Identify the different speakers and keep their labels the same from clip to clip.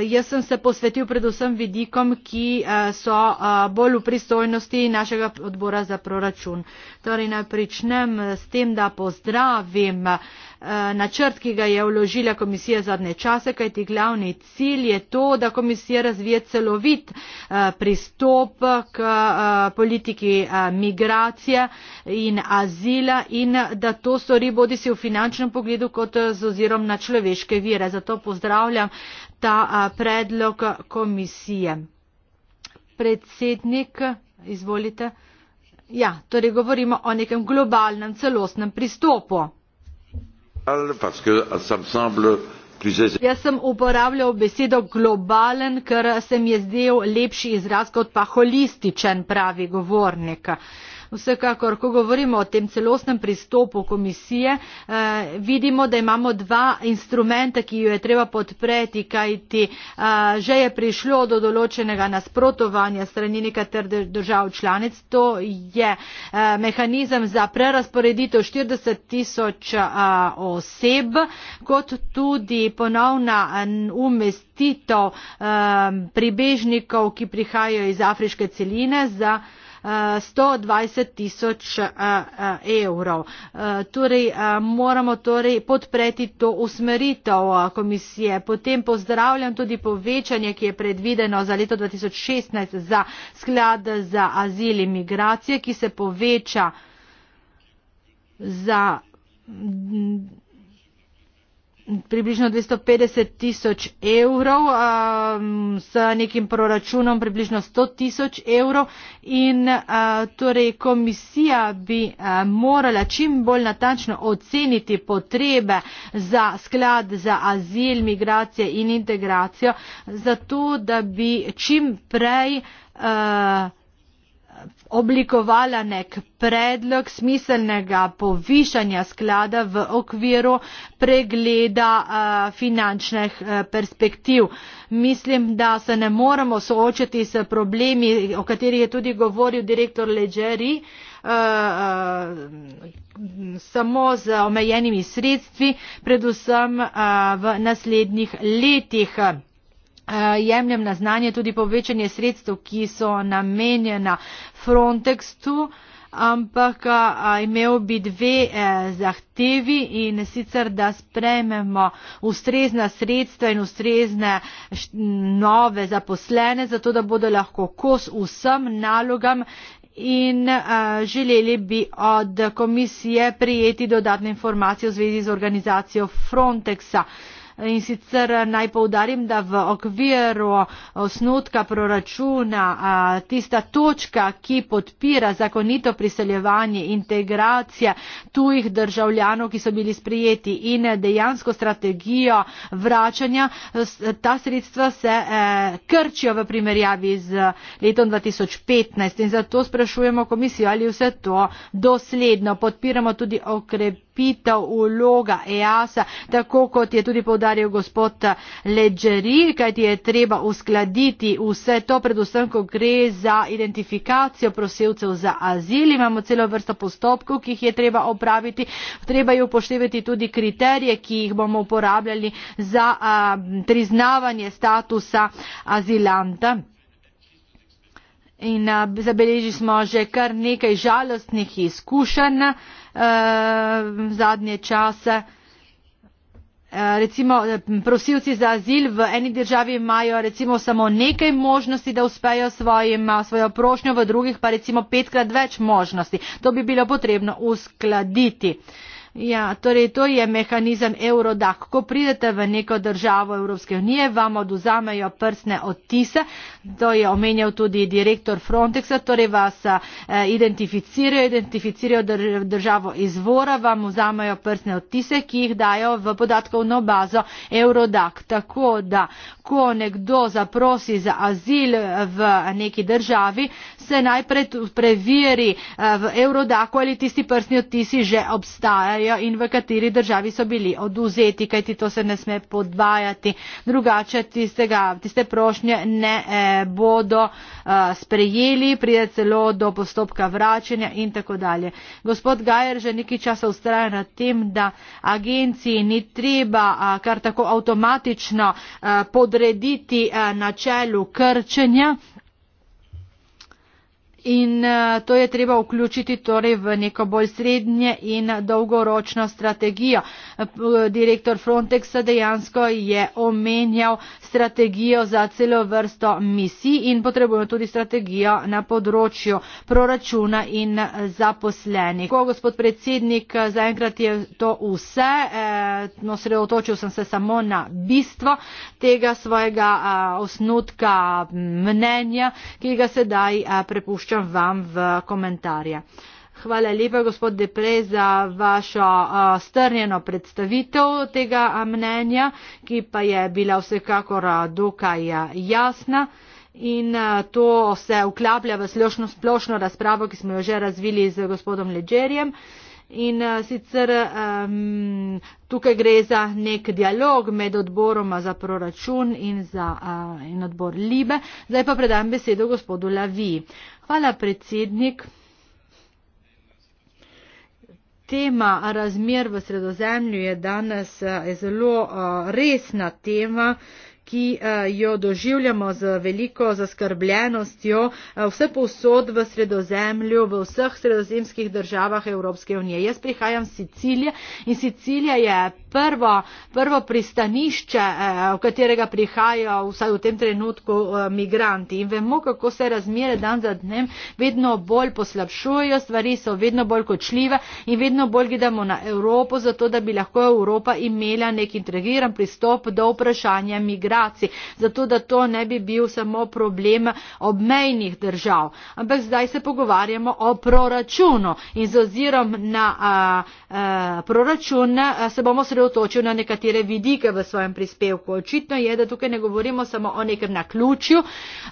Speaker 1: Eh, jaz sem se posvetil predvsem vidikom, ki eh, so eh, bolj v pristojnosti našega odbora za proračun. Torej, naj pričnem s tem, da pozdravim načrt, ki ga je vložila komisija zadnje čase, kajti glavni cilj je to, da komisija razvije celovit pristop k politiki migracije in azila in da to stori bodi si v finančnem pogledu kot z ozirom na človeške vire. Zato pozdravljam ta predlog komisije. Predsednik, izvolite. Ja, torej govorimo o nekem globalnem celostnem pristopu. Jaz sem uporabljal besedo globalen, ker se mi je zdel lepši izraz kot pa holističen pravi govornik. Uh, Vsekakor, ko govorimo o tem celostnem pristopu komisije, eh, vidimo, da imamo dva instrumenta, ki jo je treba podpreti, kajti eh, že je prišlo do določenega nasprotovanja strani nekater držav članic. To je eh, mehanizem za prerasporeditev 40 tisoč eh, oseb, kot tudi ponovna eh, umestitev eh, pribežnikov, ki prihajajo iz afriške celine za. Eh, 120 tisoč eh, eh, evrov. Eh, torej, moramo torej podpreti to usmeritev komisije. Potem pozdravljam tudi povečanje, ki je predvideno za leto 2016 za sklad za azil in migracije, ki se poveča za približno 250 tisoč evrov um, s nekim proračunom približno 100 tisoč evrov in uh, torej komisija bi uh, morala čim bolj natančno oceniti potrebe za sklad za azil, migracije in integracijo, zato da bi čim prej uh, oblikovala nek predlog smiselnega povišanja sklada v okviru pregleda eh, finančnih eh, perspektiv. Mislim, da se ne moremo soočiti s problemi, o katerih je tudi govoril direktor Leggeri, eh, samo z omejenimi sredstvi, predvsem v naslednjih letih. Eh, jemljem na znanje tudi povečanje sredstev, ki so namenjena Frontextu, ampak eh, imel bi dve eh, zahtevi in sicer, da sprememo ustrezna sredstva in ustrezne nove zaposlene, zato da bodo lahko kos vsem nalogam in želeli bi od komisije prijeti dodatne informacije v zvezi z organizacijo Frontexa in sicer eh, naj povdarim, da v okviru eh, osnutka proračuna eh, tista točka, ki podpira zakonito priseljevanje, integracija tujih državljanov, ki so bili sprijeti in dejansko strategijo vračanja, ta sredstva se krčijo v primerjavi z letom 2015 in zato sprašujemo komisijo, ali vse to dosledno podpiramo tudi okrepitev krepitev vloga easa tako kot je tudi povdaril gospod leggeri kajti je treba uskladiti vse to predvsem ko gre za identifikacijo prosilcev za azil imamo celo vrsto postopkov ki jih je treba opraviti treba je upoštevati tudi kriterije ki jih bomo uporabljali za a, priznavanje statusa azilanta in a, zabeležili smo že kar nekaj žalostnih izkušenj a, uh, zadnje čase. Eh, recimo, eh, prosilci za azil v eni državi imajo recimo samo nekaj možnosti, da uspejo svojim, svojo prošnjo, v drugih pa recimo petkrat več možnosti. To bi bilo potrebno uskladiti. Uh, Ja, torej to je mehanizem Eurodac. Ko pridete v neko državo Evropske unije, vam oduzamejo prstne odtise, to je omenjal tudi direktor Frontexa, torej vas eh, identificirajo, identificirajo državo izvora, vam vzamejo prstne odtise, ki jih dajo v podatkovno bazo Eurodac. Tako da, ko nekdo zaprosi za azil v neki državi, se najprej preveri eh, v Eurodaku ali tisti prsni odtisi že obstajajo in v kateri državi so bili oduzeti, kajti to se ne sme podvajati. Drugače tistega, tiste prošnje ne eh, bodo eh, sprejeli, pride celo do postopka vračanja in tako dalje. Gospod Gajer že nekaj časa ustraja na tem, da agenciji ni treba eh, kar tako avtomatično eh, podrejati odrediti eh, na čelu krčenja in eh, to je treba vključiti torej v neko bolj srednje in dolgoročno strategijo. Eh, direktor Frontexa dejansko je omenjal strategijo za celo vrsto misij in potrebujemo tudi strategijo na področju proračuna in eh, zaposlenih. Ko, gospod predsednik, zaenkrat je to vse, no, sredotočil sem se samo na bistvo tega svojega osnutka mm, mnenja, ki ga sedaj prepuščam pišem vam v komentarje. Hvala lepa, gospod Depre, za vašo uh, strnjeno predstavitev tega mnenja, ki pa je bila vsekakor dokaj jasna. In to se uklaplja v splošno, splošno razpravo, ki smo jo že razvili z gospodom Leđerjem. Uh, in eh, sicer um, tukaj gre za nek dialog med odboroma za proračun in, za, uh, in odbor Libe. Zdaj pa predam besedo gospodu Lavi. Hvala, predsednik. Tema razmer v sredozemlju je danes eh, zelo uh, resna tema. Uh, ki eh, jo doživljamo z veliko zaskrbljenostjo eh, vse posod v sredozemlju, v vseh sredozemskih državah Evropske unije. Jaz prihajam iz Sicilije in Sicilija je prvo, prvo pristanišče, eh, v katerega prihajajo vsaj v tem trenutku eh, migranti. In vemo, kako se razmere dan za dnem vedno bolj poslabšujejo, stvari so vedno bolj kočljive in vedno bolj gledamo na Evropo, zato da bi lahko Evropa imela nek integriran pristop do vprašanja migracij, zato da to ne bi bil samo problem obmejnih držav. Ampak zdaj se pogovarjamo o proračunu in z ozirom na a, eh, a, proračun a, se bomo sredstvo osredotočil na nekatere vidike v svojem prispevku. Očitno je, da tukaj ne govorimo samo o nekem naključju,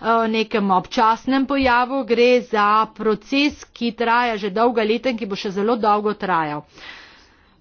Speaker 1: o nekem občasnem pojavu, gre za proces, ki traja že dolga leta in ki bo še zelo dolgo trajal. Uh,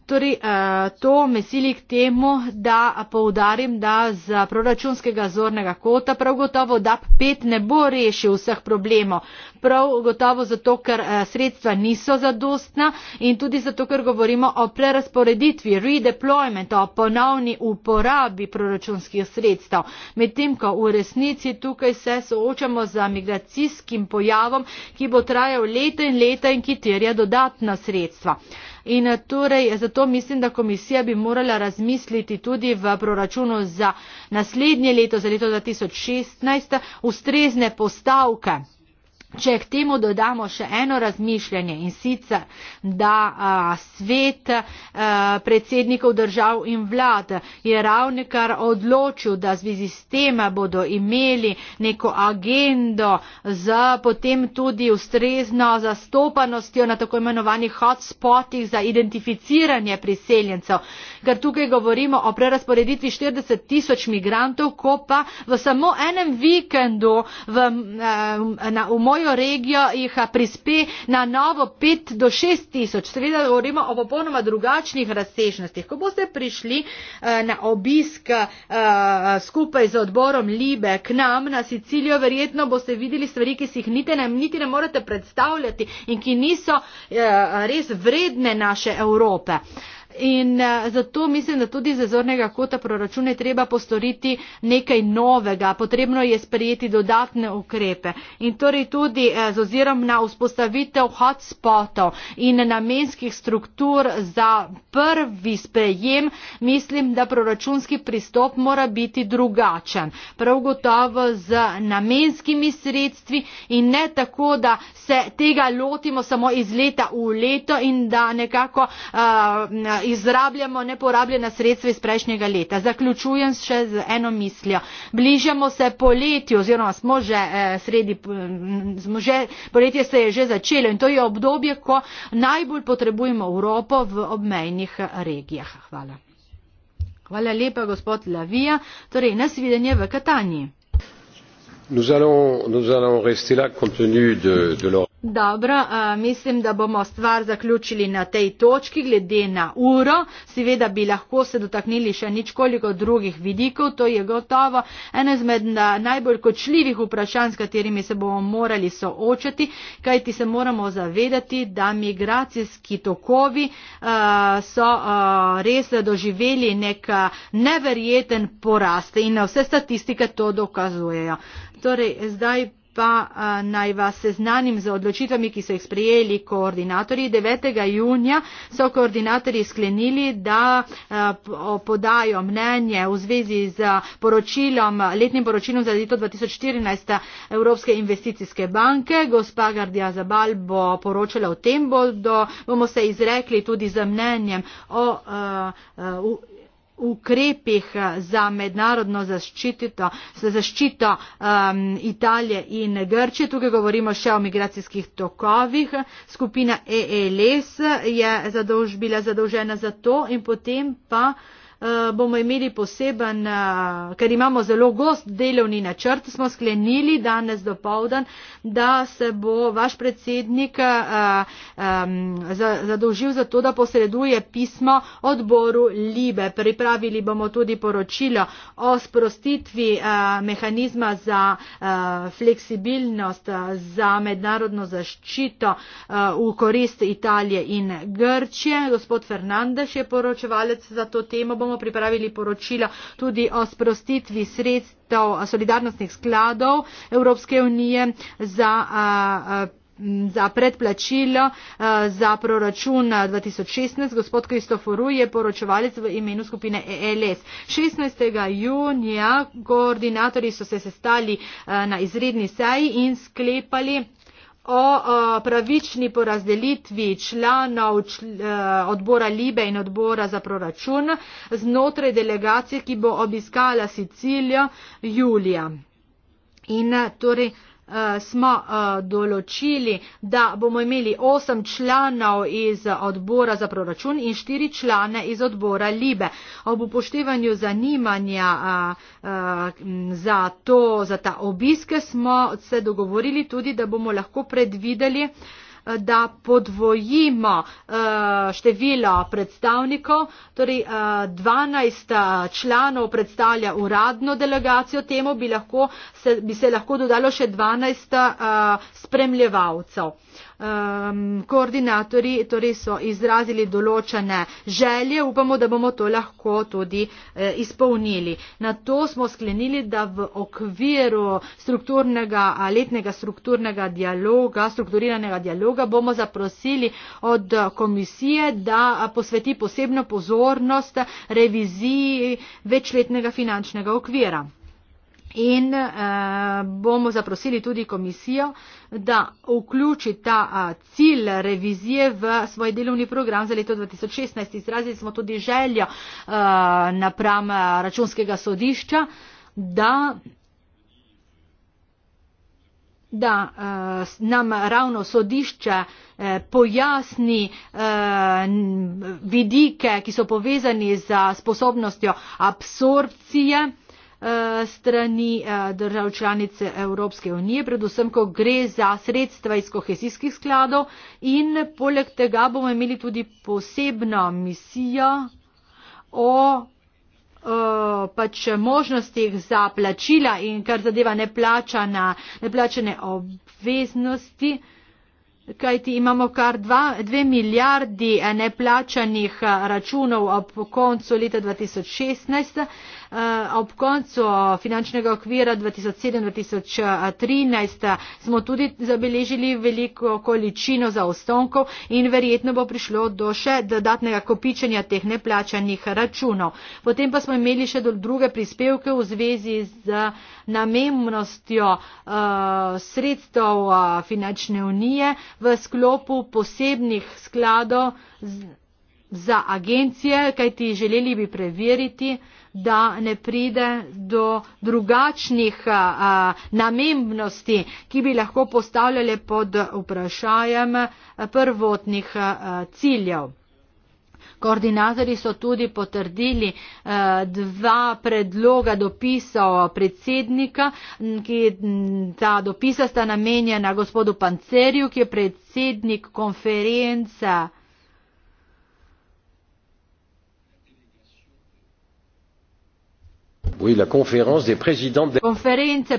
Speaker 1: Torej, eh, to me sili k temu, da poudarim, da z proračunskega zornega kota prav gotovo DAP 5 ne bo rešil vseh problemov. Prav gotovo zato, ker eh, sredstva niso zadostna in tudi zato, ker govorimo o prerasporeditvi, redeployment, o ponovni uporabi proračunskih sredstev. Medtem, ko v resnici tukaj se soočamo z migracijskim pojavom, ki bo trajal leta in leta in ki terja dodatna sredstva. In eh, torej zato mislim, da komisija bi morala razmisliti tudi v proračunu za naslednje leto, za leto 2016, ustrezne postavke. Če k temu dodamo še eno razmišljanje in sicer, da a, svet a, predsednikov držav in vlad je ravnikar odločil, da zvezi s tem bodo imeli neko agendo z potem tudi ustrezno zastopanostjo na tako imenovanih hotspotih za identificiranje priseljencev, ker tukaj govorimo o prerasporeditvi 40 tisoč migrantov, ko pa v samo enem vikendu v, eh, na, v mojo regijo jih eh, prispe na novo 5 do 6 tisoč. Seveda govorimo o popolnoma drugačnih razsežnostih. Ko boste prišli eh, na obisk skupaj z odborom Libe k nam na Sicilijo, verjetno boste videli stvari, ki si jih niti ne, niti ne morate predstavljati in ki niso res vredne naše Evrope. Uh, in eh, zato mislim, da tudi za zornega kota proračune treba postoriti nekaj novega, potrebno je sprejeti dodatne ukrepe in torej tudi eh, z ozirom na vzpostavitev hotspotov in namenskih struktur za prvi sprejem, mislim, da proračunski pristop mora biti drugačen, prav gotovo z namenskimi sredstvi in ne tako, da se tega lotimo samo iz leta v leto in da nekako uh, izrabljamo neporabljena sredstva iz prejšnjega leta. Zaključujem še z eno mislijo. Bližamo se poletju oziroma smo že eh, sredi, smo že, poletje se je že začelo in to je obdobje, ko najbolj potrebujemo Evropo v obmejnih regijah. Hvala. Hvala lepa, gospod Lavija. Torej, nasvidenje v Kataniji.
Speaker 2: Nous allons, nous allons rester là compte tenu de, de
Speaker 1: Dobro, uh, mislim, da bomo stvar zaključili na tej točki, glede na uro. Seveda bi lahko se dotaknili še ničkoliko drugih vidikov, to je gotovo. Eno izmed najbolj kočljivih vprašanj, s katerimi se bomo morali soočati, kajti se moramo zavedati, da migracijski tokovi uh, so uh, res doživeli nek neverjeten porast in vse statistike to dokazujejo. Torej, zdaj pa naj vas seznanim z odločitvami, ki so jih sprejeli koordinatorji. 9. junija so koordinatorji sklenili, da podajo mnenje v zvezi z poročilom, letnim poročilom za leto 2014 Evropske investicijske banke. Gospa Gardija Zabal bo poročala o tem, bodo, bomo se izrekli tudi z mnenjem o uh, uh, ukrepih eh, za mednarodno zaščitito, za zaščito um, Italije in Grčije. Tukaj govorimo še o migracijskih tokovih. Skupina EELS e je zadolž, bila zadolžena za to in potem pa uh, Eh, bomo imeli poseben, eh, ker imamo zelo gost delovni načrt, smo sklenili danes do povdan, da se bo vaš predsednik eh, zadolžil za to, da posreduje pismo odboru Libe. Pripravili bomo tudi poročilo o sprostitvi mehanizma za fleksibilnost za mednarodno zaščito v korist Italije in Grčije. Gospod Fernandez je poročevalec za to temo bomo pripravili poročilo tudi o sprostitvi sredstev solidarnostnih skladov Evropske unije za za predplačilo za proračun 2016. Gospod Kristoforu je poročevalec v imenu skupine ELS. 16. junija koordinatorji so se sestali na izredni seji in sklepali o pravični porazdelitvi članov e, odbora Libe in odbora za proračun znotraj delegacije, ki bo obiskala Sicilijo julija. In torej Eh, smo eh, določili, da bomo imeli osem članov iz odbora za proračun in štiri člane iz odbora Libe. Ob upoštevanju zanimanja eh, za, to, za ta obiske smo se dogovorili tudi, da bomo lahko predvideli, da podvojimo eh, število predstavnikov, torej 12 eh, eh, članov predstavlja uradno delegacijo temu, bi, lahko, bi se lahko dodalo še 12 spremljevalcev um, koordinatorji torej so izrazili določene želje, upamo, da bomo to lahko tudi e, izpolnili. Na to smo sklenili, da v okviru strukturnega, eh, letnega strukturnega dialoga, strukturiranega dialoga bomo zaprosili od komisije, da eh, posveti posebno pozornost reviziji večletnega finančnega okvira in eh, bomo zaprosili tudi komisijo, da vključi ta eh, cilj revizije v svoj delovni program za leto 2016. Izrazili smo tudi željo eh, napram računskega sodišča, da da eh, nam ravno sodišče eh, pojasni eh, vidike, ki so povezani z sposobnostjo absorpcije. Eh, strani eh, držav članice Evropske unije, predvsem, ko gre za sredstva iz kohezijskih skladov in poleg tega bomo imeli tudi posebno misijo o eh, pač možnostih za plačila in kar zadeva neplačana, neplačene obveznosti, kajti imamo kar dva, dve milijardi neplačanih računov ob koncu leta 2016. Eh, ob koncu finančnega okvira 2007-2013 smo tudi zabeležili veliko količino zaostankov in verjetno bo prišlo do še dodatnega kopičenja teh neplačanih računov. Potem pa smo imeli še druge prispevke v zvezi z namennostjo uh, eh, sredstev uh, finančne unije v sklopu posebnih skladov z, za agencije, kajti želeli bi preveriti, da ne pride do drugačnih a, namembnosti, ki bi lahko postavljali pod vprašanjem prvotnih a, ciljev. Koordinatorji so tudi potrdili dva predloga dopisov predsednika, ki ta dopisa sta namenjena gospodu Pancerju, ki je predsednik konference
Speaker 2: konference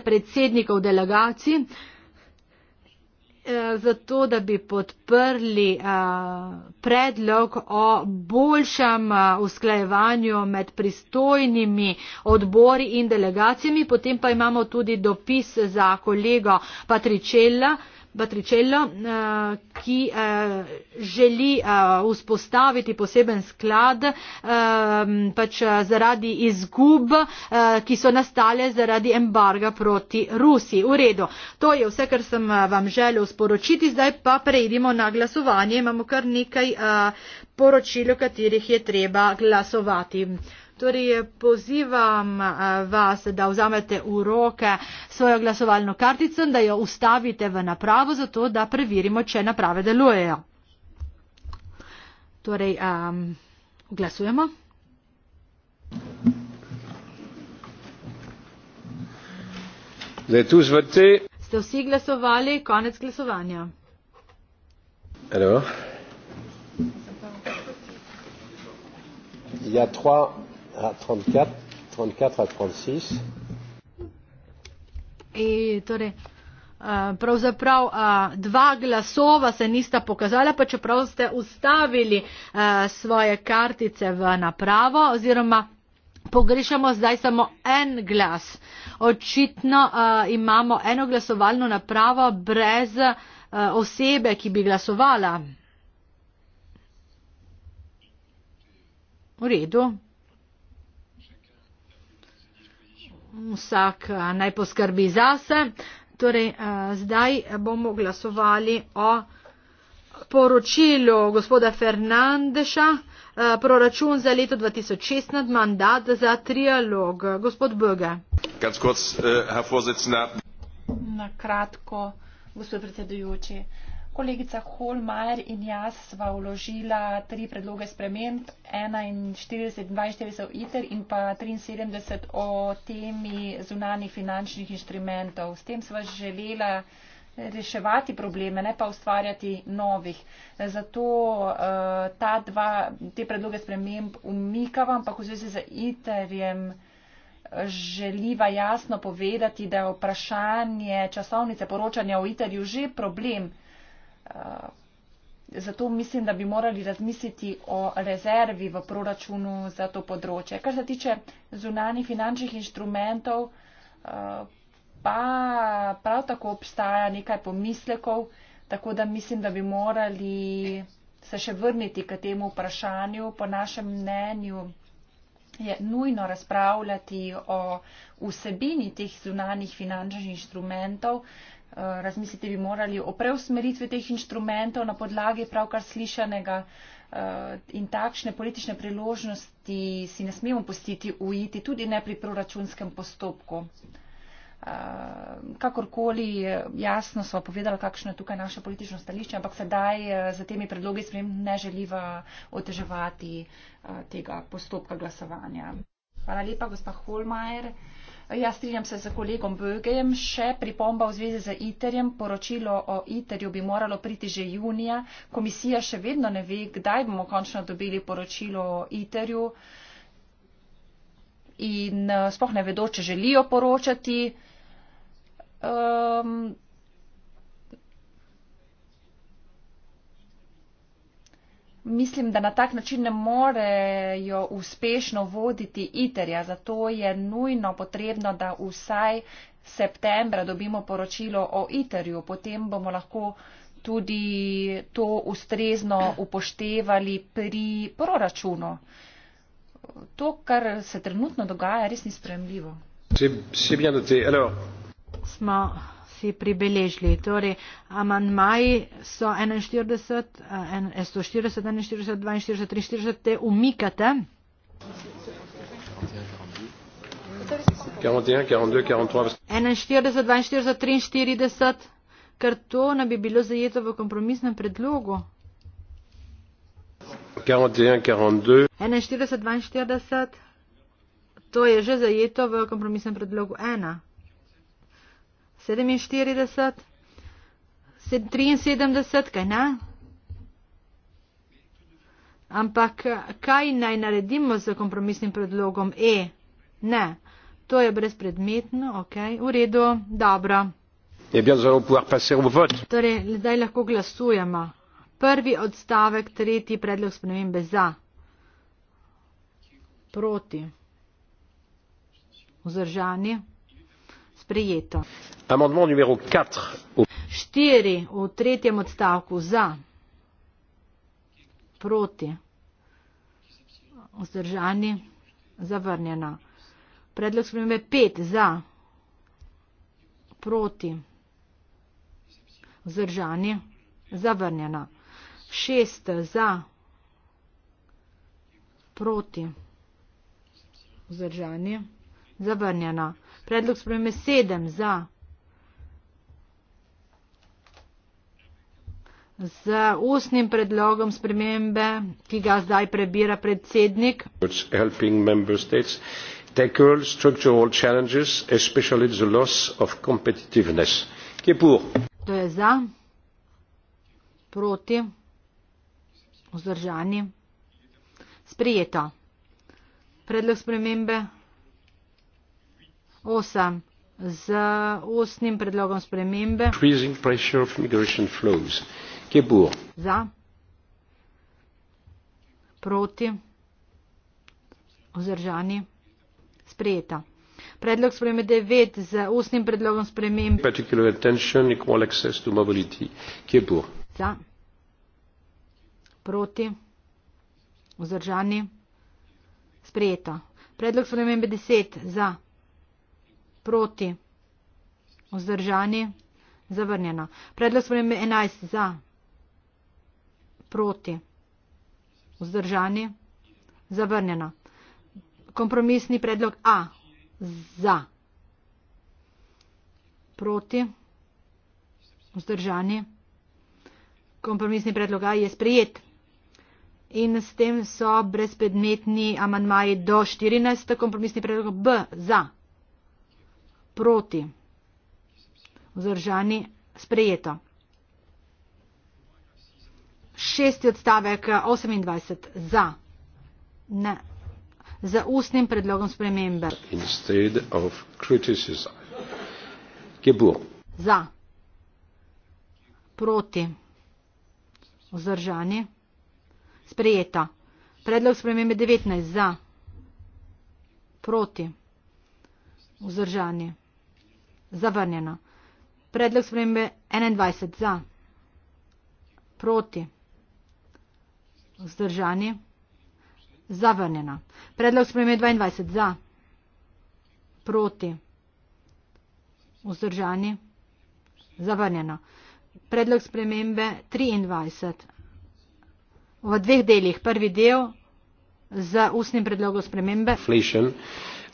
Speaker 1: predsednikov delegacij eh, zato, da bi podprli eh, predlog o boljšem eh, usklajevanju med pristojnimi odbori in delegacijami. Potem pa imamo tudi dopis za kolego Patričella, Batricello, eh, ki eh, želi eh, vzpostaviti poseben sklad pač zaradi izgub, ki so nastale zaradi embarga proti Rusiji. V redu. To je vse, kar sem vam želel sporočiti. Zdaj pa prejdimo na glasovanje. Imamo kar nekaj poročil, o katerih je treba glasovati. Torej, pozivam eh, vas, da vzamete v roke svojo glasovalno kartico in da jo ustavite v napravo, zato da preverimo, če naprave delujejo. Torej, um, glasujemo. Ste vsi glasovali? Konec glasovanja.
Speaker 2: Alors. Il y a trois. 34.
Speaker 1: E, torej, pravzaprav dva glasova se nista pokazala, pa čeprav ste ustavili svoje kartice v napravo oziroma pogrešamo zdaj samo en glas. Očitno imamo eno glasovalno napravo brez osebe, ki bi glasovala. V redu. vsak naj poskrbi zase. Torej, zdaj bomo glasovali o poročilu gospoda Fernandeša, proračun za leto 2016, mandat za trialog. Gospod Böge.
Speaker 2: Äh,
Speaker 1: Na kratko, gospod predsedujoči.
Speaker 3: Kolegica Holmajer in jaz sva vložila tri predloge sprememb, 41, 42 ITER in pa 73 o temi zunanih finančnih inštrumentov. S tem sva želela reševati probleme, ne pa ustvarjati novih. Zato eh, ta dva, te predloge sprememb umikava, ampak v zvezi z ITER-jem eh, želiva jasno povedati, da je vprašanje časovnice poročanja o ITER-ju že problem. Eh, zato mislim, da bi morali razmisliti o rezervi v proračunu za to področje. Kar se tiče zunanih finančnih inštrumentov, eh, pa prav tako obstaja nekaj pomislekov, tako da mislim, da bi morali se še vrniti k temu vprašanju. Po našem mnenju je nujno razpravljati o vsebini teh zunanih finančnih inštrumentov, Eh, razmisliti bi morali o preusmeritvi teh inštrumentov na podlagi pravkar slišanega eh, in takšne politične priložnosti si ne smemo pustiti ujiti, tudi ne pri proračunskem postopku. Eh, kakorkoli jasno so povedala, kakšno je tukaj naše politično stališče, ampak sedaj za temi predlogi sprem ne želiva oteževati tega postopka glasovanja. Hvala lepa, gospa Holmajer. Ja, strinjam se z kolegom Bögem. Še pripomba v zvezi z ITER-jem. Poročilo o ITER-ju bi moralo priti že junija. Komisija še vedno ne ve, kdaj bomo končno dobili poročilo o ITER-ju. In eh, spoh ne vedo, če želijo poročati. Um, mislim, da na tak način ne morejo uspešno voditi iterja. Zato je nujno potrebno, da vsaj septembra dobimo poročilo o iterju. Potem bomo lahko tudi to ustrezno upoštevali pri proračunu.
Speaker 1: To, kar se trenutno dogaja, je res ni spremljivo. Smo vsi pribeležili. Torej, amandmaji so 41, 140, 41, 42, 43, te umikate.
Speaker 4: 41,
Speaker 2: 42,
Speaker 1: 43, ker to ne bi bilo zajeto v kompromisnem predlogu. 41, 42. To je že zajeto v kompromisnem predlogu 1. 47, 73, kaj ne? Ampak kaj naj naredimo z kompromisnim predlogom E? Ne, to je brezpredmetno, ok, v redu, dobro.
Speaker 2: Eh
Speaker 1: torej, zdaj lahko glasujemo. Prvi odstavek, tretji predlog spremembe za. Proti. Vzdržani sprejeto. štiri v tretjem odstavku za proti vzdržani zavrnjena predlog spremembe pet za proti vzdržani zavrnjena šest za proti vzdržani zavrnjena Predlog spremembe sedem za. Z ustnim predlogom spremembe, ki ga zdaj prebira predsednik.
Speaker 2: Tackle structural challenges, especially the loss of competitiveness. Ki je pur.
Speaker 1: To je za, proti, vzdržani, sprijeto. Predlog spremembe osem z ustnim predlogom spremembe za proti vzdržani sprejeta predlog spremembe devet z ustnim predlogom sprememb za proti vzdržani sprejeta predlog spremembe deset za proti, vzdržani, zavrnjeno. Predlog sprememb 11 za, proti, vzdržani, zavrnjeno. Kompromisni predlog A za, proti, vzdržani. Kompromisni predlog A je sprejet. In s tem so brezpredmetni amantmaji do 14. kompromisni predlog B za proti. Vzdržani sprejeto. Šesti odstavek 28 za. Ne. Za ustnim predlogom spremembe. Za. Proti. Vzdržani. Sprejeta. Predlog spremembe 19 za. Proti. Vzdržani. Zavrnjeno. Predlog spremembe 21 za. Proti. Vzdržani. Zavrnjeno. Predlog spremembe 22 za. Proti. Vzdržani. Zavrnjeno. Predlog spremembe 23. V dveh delih. Prvi del z ustnim predlogom spremembe.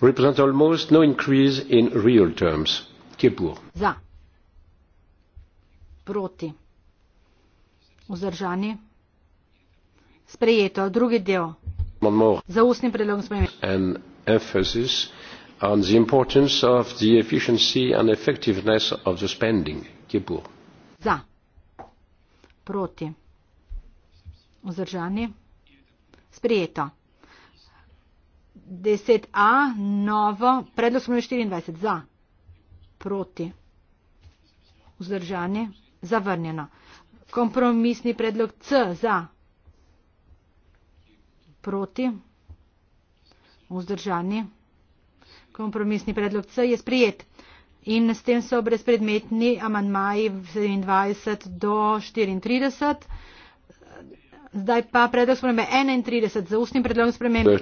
Speaker 2: Represent almost no increase in real terms qui est pour
Speaker 1: Za. Proti. Uzdržani. Sprejeto. Drugi del. Za ustni predlog smo imeli.
Speaker 2: An emphasis on the importance of the efficiency and effectiveness of the spending. Qui est pour
Speaker 1: Za. Proti. Uzdržani. Sprejeto. 10a, novo, predlog smo imeli 24, za proti. Vzdržanje zavrnjeno. Kompromisni predlog C za proti. Vzdržanje. Kompromisni predlog C je sprijet. In s tem so brezpredmetni amantmaji 27 do 34. Zdaj pa predlog spremembe 31 za ustnim predlogom spremembe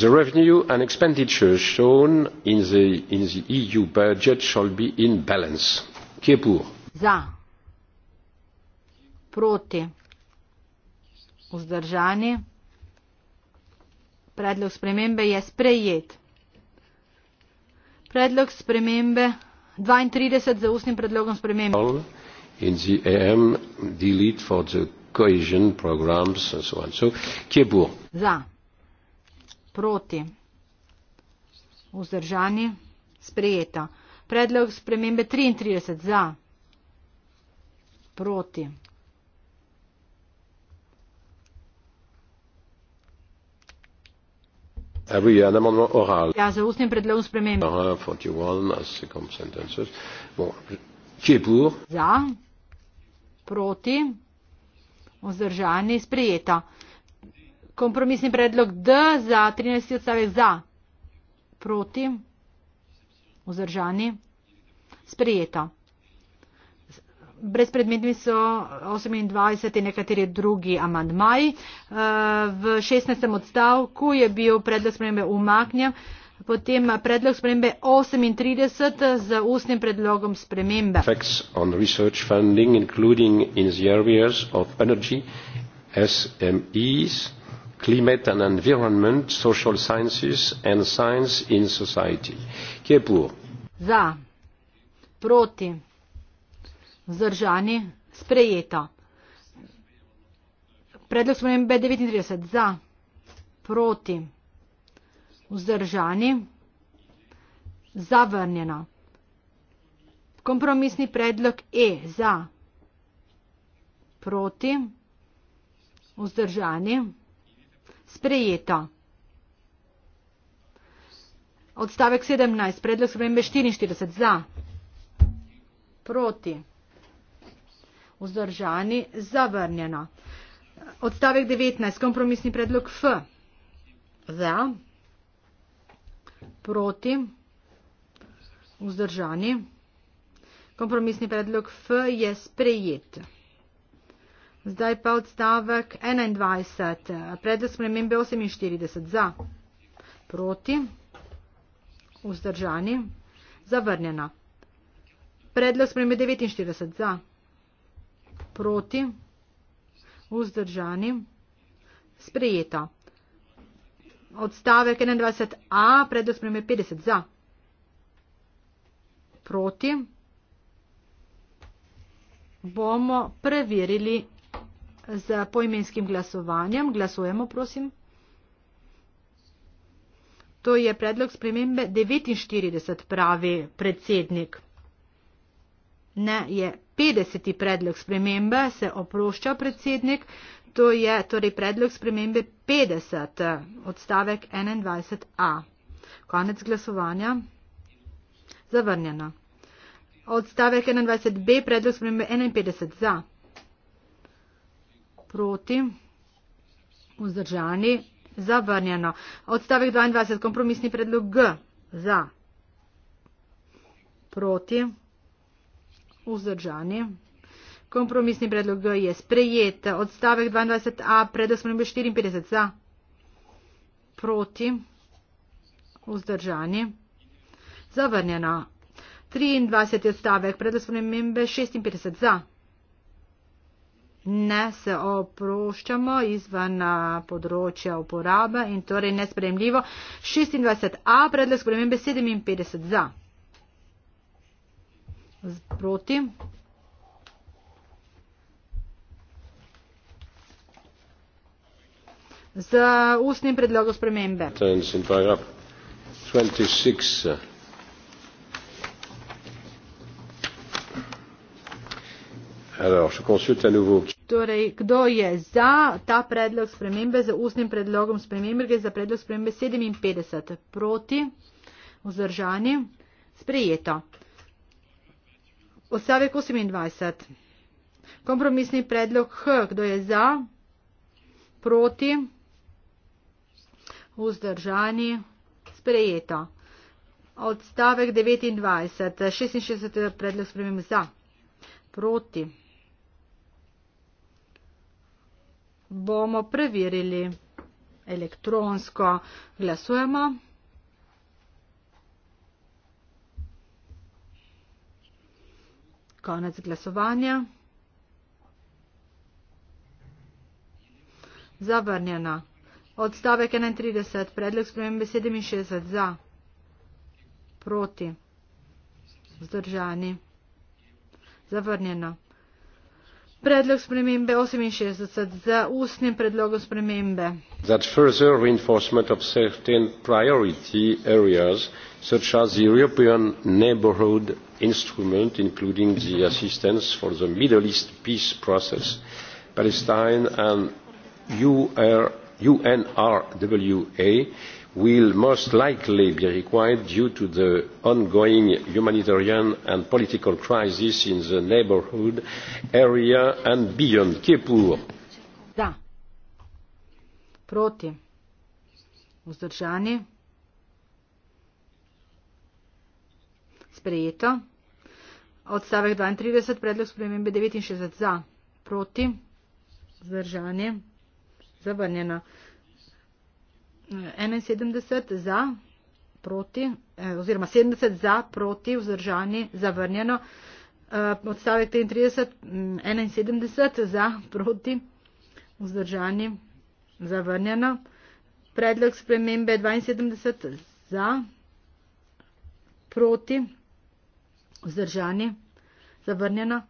Speaker 2: the revenue and expenditure shown in the eu e budget shall be in balance. qui est pour?
Speaker 1: za. proti. vzdržani. predlog spremembe je sprejet. predlog spremembe 32 za ustnim predlogom spremembe.
Speaker 2: All in the am delete for the cohesion programs and so on. so qui est pour?
Speaker 1: za proti. Vzdržani sprejeta. Predlog spremembe 33 za. Proti.
Speaker 2: Every ah amendment oral. Ja,
Speaker 1: za ustnim predlogom spremembe.
Speaker 2: 41, as bon. Qui est pour?
Speaker 1: Za. Proti. Vzdržani sprejeta kompromisni predlog D za 13. odstavek za, proti, vzdržani, sprejeto. Brezpredmetni so 28 in nekateri drugi amandmaji. V 16. odstavku je bil predlog spremembe umaknjen, potem predlog spremembe 38 z ustnim predlogom spremembe.
Speaker 2: SMEs, climate and environment social sciences and science in society ki je pur
Speaker 1: za proti zdržani sprejeta predlog spremembe 39 za proti vzdržani zavrnjena kompromisni predlog E za proti vzdržani sprejeto. Odstavek 17. Predlog spremembe 44 za. Proti. Vzdržani. Zavrnjeno. Odstavek 19. Kompromisni predlog F. Za. Proti. Vzdržani. Kompromisni predlog F je sprejet. Zdaj pa odstavek 21. Predlog spremembe 48 za. Proti. Vzdržani. Zavrnjena. Predlog spremembe 49 za. Proti. Vzdržani. Sprejeta. Odstavek 21a. Predlog spremembe 50 za. Proti. Bomo preverili z poimenskim glasovanjem. Glasujemo, prosim. To je predlog spremembe 49, pravi predsednik. Ne, je 50. predlog spremembe, se oprošča predsednik. To je torej predlog spremembe 50, odstavek 21a. Konec glasovanja. Zavrnjeno. Odstavek 21b, predlog spremembe 51 za proti, vzdržani, zavrnjeno. Odstavek 22, kompromisni predlog G za proti, vzdržani. Kompromisni predlog G je sprejet. Odstavek 22a, predlog smo imeli 54 za proti, vzdržani, zavrnjeno. 23. odstavek, predlog spremembe 56 za ne se oproščamo izvan področja uporabe in torej nespremljivo. 26a predlog spremembe 57 za. Proti. Z ustnim predlogom spremembe.
Speaker 2: 26. Alors, je consulte à nouveau.
Speaker 1: Torej, kdo je za ta predlog spremembe z ustnim predlogom spremembe, gre za predlog spremembe 57, proti, vzdržani, sprejeto. Odstavek 28. Kompromisni predlog H, kdo je za, proti, vzdržani, sprejeto. Odstavek 29. 66. predlog spremembe za, proti. bomo preverili elektronsko. Glasujemo. Konec glasovanja. Zavrnjeno. Odstavek 31. Predlog spremembe 67. Za. Proti. Zdržani. Zavrnjeno predlog spremembe 68 za ustnim predlogom spremembe.
Speaker 2: That further reinforcement of certain priority areas such as the European neighborhood instrument including the assistance for the Middle East peace process, Palestine and UNRWA will most likely be required due to the ongoing humanitarian and political crisis in the neighbourhood area and beyond. Kipur.
Speaker 1: Da. Proti. Vzdržani. Sprejeto. Odstavek 32, predlog spremembe 69 za. Proti. Vzdržani. Zavrnjeno. 71 za, proti, eh, oziroma 70 za, proti, vzdržani, zavrnjeno. Eh, odstavek 33, 71 mm, za, proti, vzdržani, zavrnjeno. Predlog spremembe 72 za, proti, vzdržani, zavrnjeno.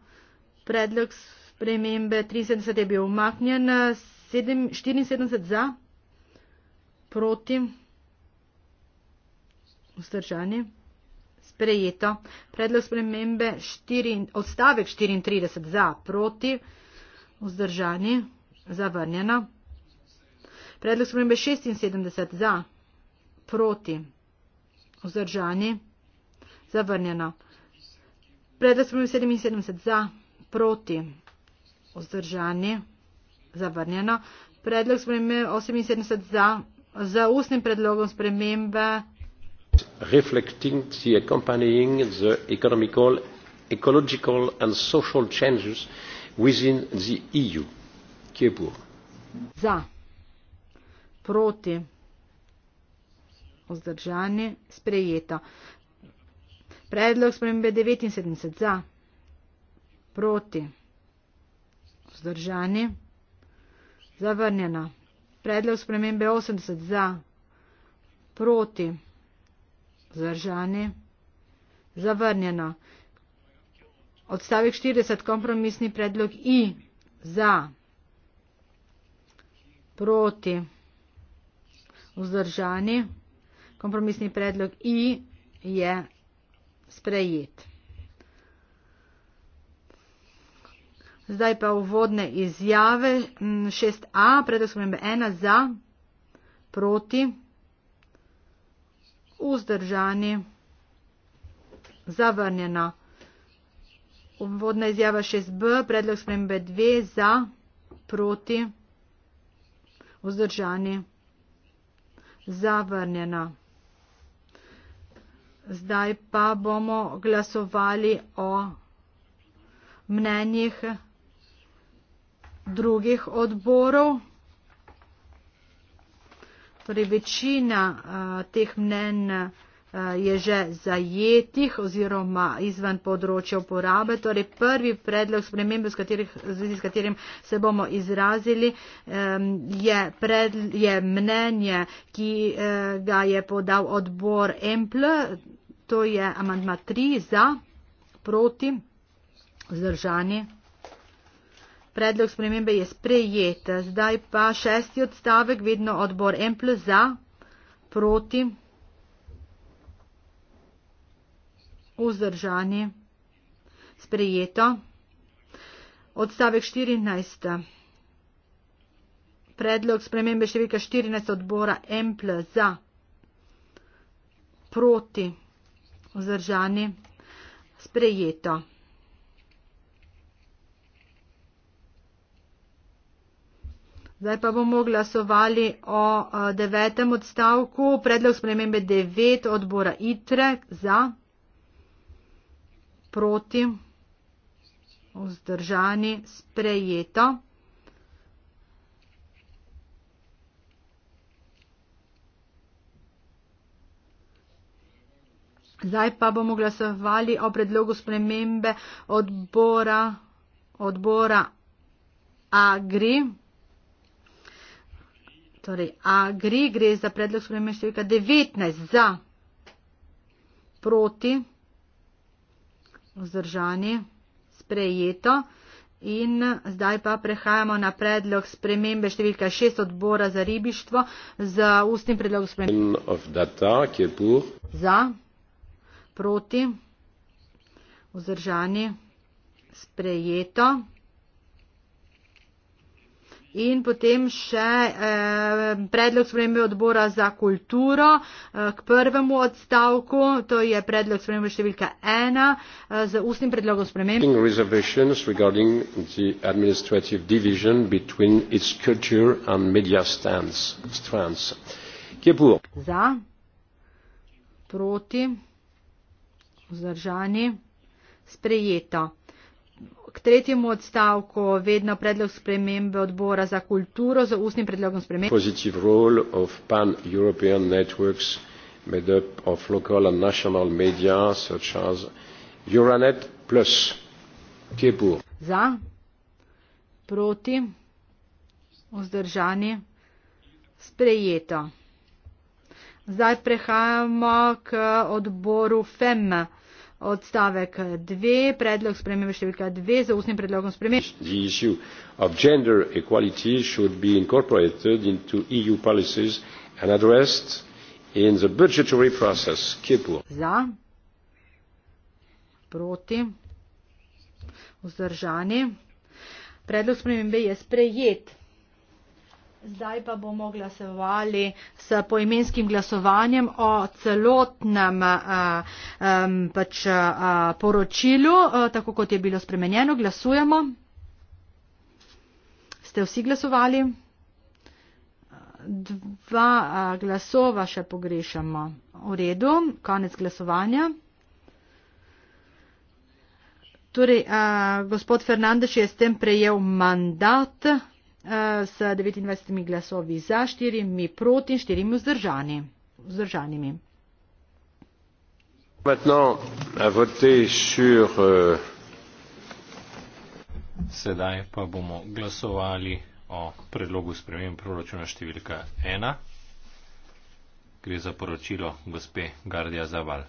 Speaker 1: Predlog spremembe 73 je bil umaknjen, 74 eh, za, proti proti, vzdržanje, sprejeto, predlog spremembe štiri, odstavek 34 za, proti, vzdržanje, zavrnjeno, predlog spremembe 76 za, proti, vzdržanje, zavrnjeno, predlog spremembe 77 za, proti, vzdržanje, zavrnjeno, predlog spremembe 78 za, z ustnim predlogom spremembe.
Speaker 2: Reflecting the accompanying the economical, ecological and social changes within the EU. Ki je pur?
Speaker 1: Za, proti, vzdržanje, sprejeto. Predlog spremembe 79 za, proti, vzdržanje, zavrnjeno. Predlog spremembe 80 za, proti, zdržani, zavrnjeno. Odstavek 40, kompromisni predlog I za, proti, vzdržani. Kompromisni predlog I je sprejet. Zdaj pa uvodne izjave 6a, predlog spremembe 1 za, proti, vzdržani, zavrnjena. Uvodna izjava 6b, predlog spremembe 2 za, proti, vzdržani, zavrnjena. Zdaj pa bomo glasovali o mnenjih drugih odborov. Torej, večina uh, teh mnen uh, je že zajetih oziroma izven področja uporabe. Torej, prvi predlog spremembe, z, z katerim se bomo izrazili, um, je, pred, je mnenje, ki uh, ga je podal odbor EMPL, to je amantma 3 za, proti, zdržanje. Predlog spremembe je sprejet. Zdaj pa šesti odstavek, vedno odbor M plus za, proti, vzdržani, sprejeto. Odstavek 14. Predlog spremembe številka 14 odbora M plus za, proti, vzdržani, sprejeto. Zdaj pa bomo glasovali o eh, devetem odstavku. Predlog spremembe devet odbora ITRE za, proti, vzdržani, sprejeto. Zdaj pa bomo glasovali o predlogu spremembe odbora, odbora Agri. Torej, a gre, gre za predlog spremembe številka 19 za proti vzdržanje sprejeto. In zdaj pa prehajamo na predlog spremembe številka 6 odbora za ribištvo z ustnim predlogom
Speaker 2: spremembe.
Speaker 1: Za proti vzdržanje sprejeto in potem še eh, predlog spremembe odbora za kulturo eh, k prvemu odstavku, to je predlog spremembe številka ena eh, z ustnim predlogom spremembe. Za, proti, vzdržani, sprejeto k tretjemu odstavku vedno predlog spremembe odbora za kulturo z ustnim predlogom spremembe. Za, proti, vzdržani, sprejeto. Zdaj prehajamo k odboru FEM odstavek dve predlog spremembe številka dve z ustnim predlogom spremembe
Speaker 2: e in the budgetary process kipur
Speaker 1: za proti vzdržani predlog spremembe je sprejet Zdaj pa bomo glasovali s poimenskim glasovanjem o celotnem a, eh, a, pač, a, eh, poročilu, a, eh, tako kot je bilo spremenjeno. Glasujemo. Ste vsi glasovali? Dva a, glasova še pogrešamo. V redu, konec glasovanja. Torej, a, gospod Fernandeš je s tem prejel mandat s 29 glasovi za, 4 proti in 4 vzdržani, vzdržanimi.
Speaker 2: Euh, Sedaj pa bomo glasovali
Speaker 4: o predlogu spremem proračuna številka 1. Gre za poročilo gospe Gardija Zaval.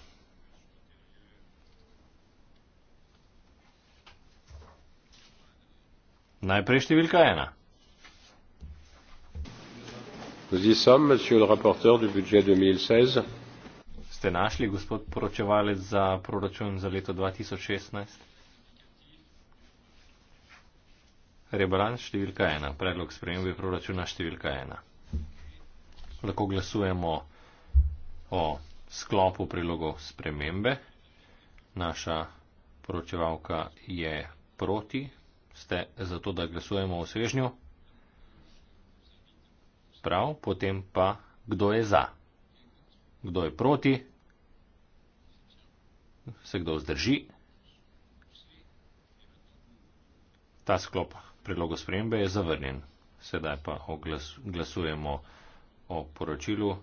Speaker 2: Najprej številka 1 nous y sommes, monsieur le rapporteur du budget 2016.
Speaker 4: Ste našli, gospod poročevalec, za proračun za leto 2016? Rebalans številka 1, predlog spremembe proračuna številka 1. Lahko glasujemo o sklopu prilogov spremembe. Naša poročevalka je proti. Ste za to, da glasujemo o svežnju? Prav, potem pa kdo je za, kdo je proti, se kdo vzdrži. Ta sklop predlogo spremembe je zavrnjen. Sedaj pa oglas, glasujemo o poročilu.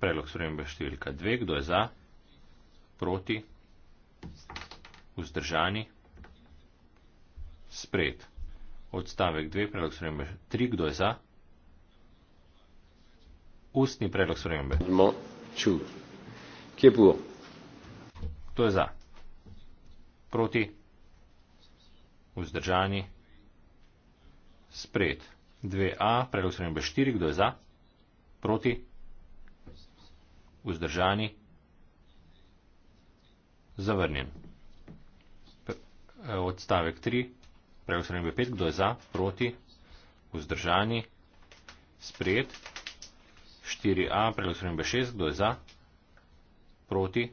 Speaker 4: Predlog spremembe številka 2. Kdo je za, proti, vzdržani, sprejet odstavek 2, predlog spremembe 3, kdo je za? Ustni predlog spremembe. Kje bo? Kdo je za? Proti? Vzdržani? Spred 2a, predlog spremembe 4, kdo je za? Proti? Vzdržani? Zavrnjen. E, odstavek 3, Preglasovanje je bilo 5, kdo je za, proti, vzdržani, sprejet. 4a, preglasovanje je bilo 6, kdo je za, proti,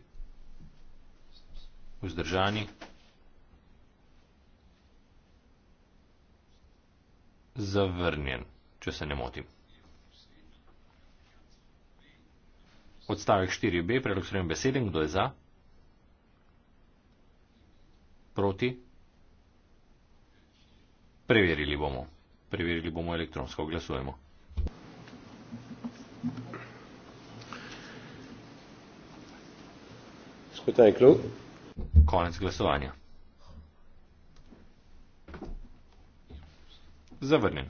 Speaker 4: vzdržani, zavrnjen, če se ne motim. Odstavek 4b, preglasovanje je bilo 7, kdo je za, proti, vzdržani, zavrnjen. Preverili bomo. Preverili bomo elektronsko. Glasujemo. Konec glasovanja. Zavrnjen.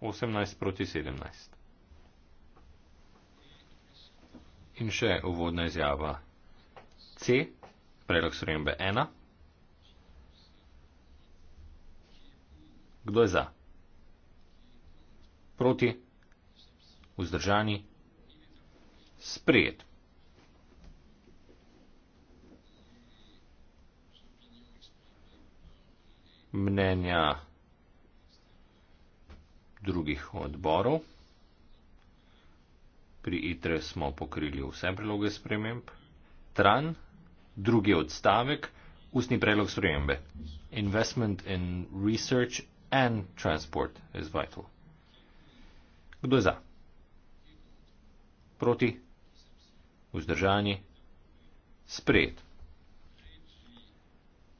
Speaker 4: 18 proti 17. In še uvodna izjava C, predlog sprejembe 1. Kdo je za? Proti? Vzdržani? Sprijet. Mnenja drugih odborov. Pri ITRE smo pokrili vse priloge sprememb. TRAN, drugi odstavek, ustni predlog spremembe. Investment in research and transport is vital. Kdo je za? Proti? Vzdržani? Sprejet.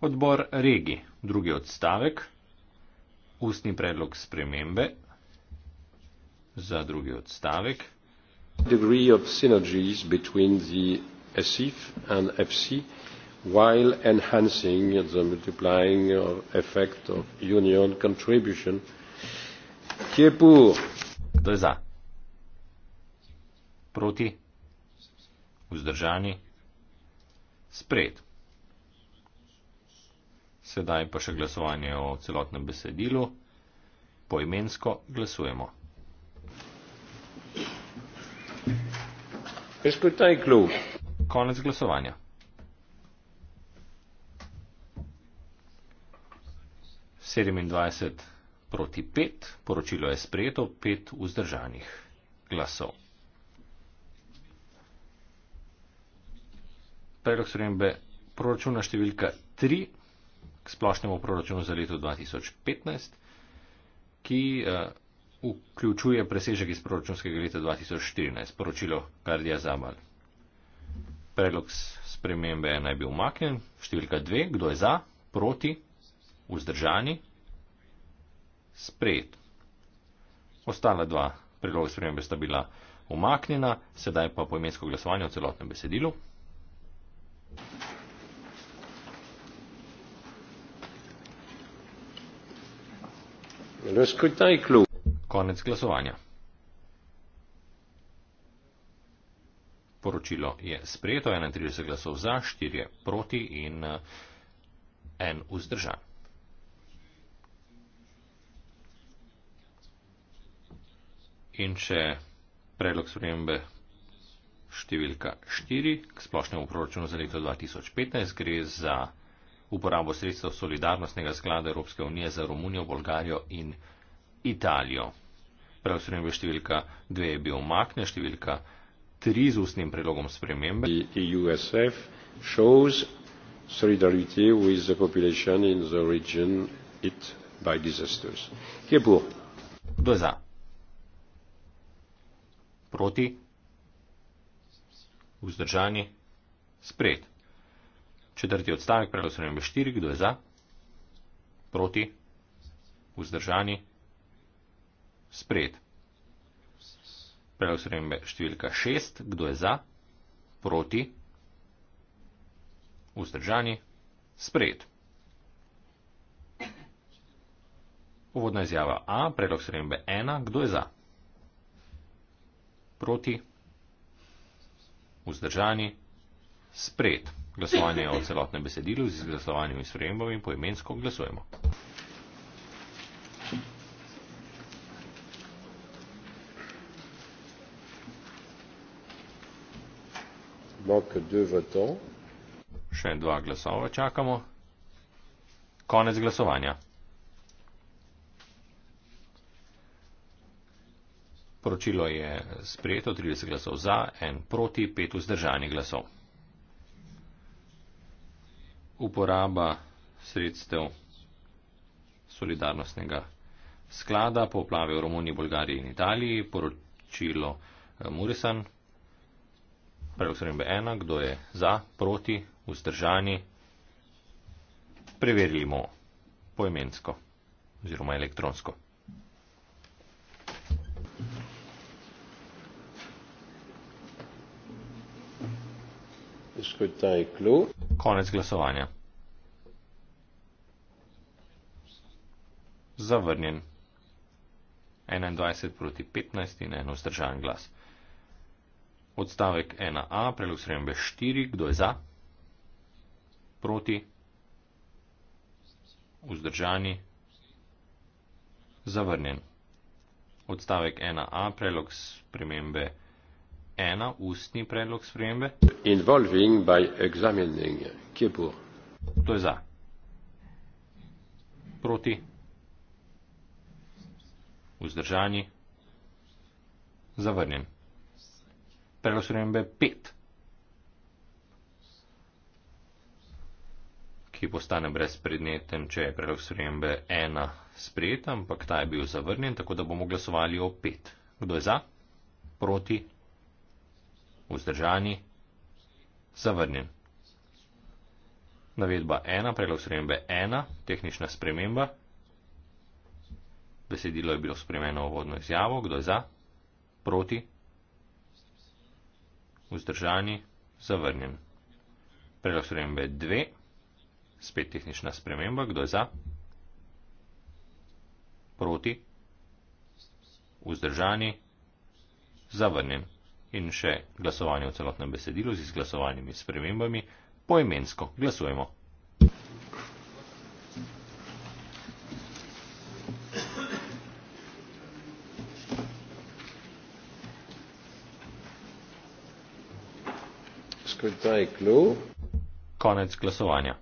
Speaker 4: Odbor regi, drugi odstavek, ustni predlog spremembe za drugi odstavek.
Speaker 2: Degree of synergies between the SIF and FC while enhancing the multiplying effect of union contribution. Qui est pour? Kdo je za?
Speaker 4: Proti? Vzdržani? Spred. Sedaj pa še glasovanje o celotnem besedilu. Poimensko glasujemo. Konec glasovanja. 27 proti 5, poročilo je sprejeto, 5 vzdržanih glasov. Predlog spremembe proračuna številka 3 k splošnemu proračunu za leto 2015, ki uh, vključuje presežek iz proračunskega leta 2014, poročilo Kardija Zabal. Predlog spremembe naj bi umaknjen. Številka 2, kdo je za, proti, vzdržani, sprejet. Ostala dva predloga spremembe sta bila umaknjena, sedaj pa poimensko glasovanje o celotnem besedilu. Konec glasovanja. Poročilo je sprejeto, 31 glasov za, 4 proti in eh, en vzdržan. In če predlog spremembe številka 4 k splošnemu proračunu za leto 2015 gre za uporabo sredstev solidarnostnega sklada Evropske unije za Romunijo, Bolgarijo in Italijo. Predlog spremembe številka 2 je
Speaker 2: bil omaknjen, številka 3 z ustnim predlogom spremembe. Solidarity with the population in the region hit by disasters. Kje bo? Doza
Speaker 4: proti, vzdržani, spred. Četrti odstavek, preglasujem v štiri, kdo je za, proti, vzdržani, spred. Preglasujem v številka šest, kdo je za, proti, vzdržani, spred. Uvodna izjava A, predlog sprejembe 1, kdo je za? proti, vzdržani, spred. Glasovanje o celotnem besedilu z glasovanjem in spremembami poimensko glasujemo. Še dva glasova čakamo. Konec glasovanja. Poročilo je sprejeto 30 glasov za, en proti, pet vzdržanih glasov. Uporaba sredstev solidarnostnega sklada poplave v Romuniji, Bolgariji in Italiji. Poročilo eh, Muresan, prvo sredstvo je ena, kdo je za, proti, vzdržani. Preverimo poimensko oziroma elektronsko. Konec glasovanja. Zavrnjen. 21 proti 15 in eno vzdržan glas. Odstavek 1a, predlog spremembe 4, kdo je za? Proti? Vzdržani? Zavrnjen. Odstavek 1a, predlog spremembe 4 ena ustni predlog spremembe.
Speaker 2: Involving by examining.
Speaker 4: Kje je pur? To je za. Proti. Vzdržani. Zavrnjen. Predlog spremembe pet. ki postane brezpredneten, če je predlog spremembe ena sprejet, ampak ta je bil zavrnjen, tako da bomo glasovali o pet. Kdo je za? Proti? vzdržani, zavrnjen. Navedba 1, predlog spremembe 1, tehnična sprememba. Besedilo je bilo spremenjeno v vodno izjavo, kdo je za, proti, vzdržani, zavrnjen. Predlog spremembe 2, spet tehnična sprememba, kdo je za, proti, vzdržani, zavrnjen in še glasovanje v celotnem besedilu z izglasovanimi spremembami, poimensko glasujemo. Konec glasovanja.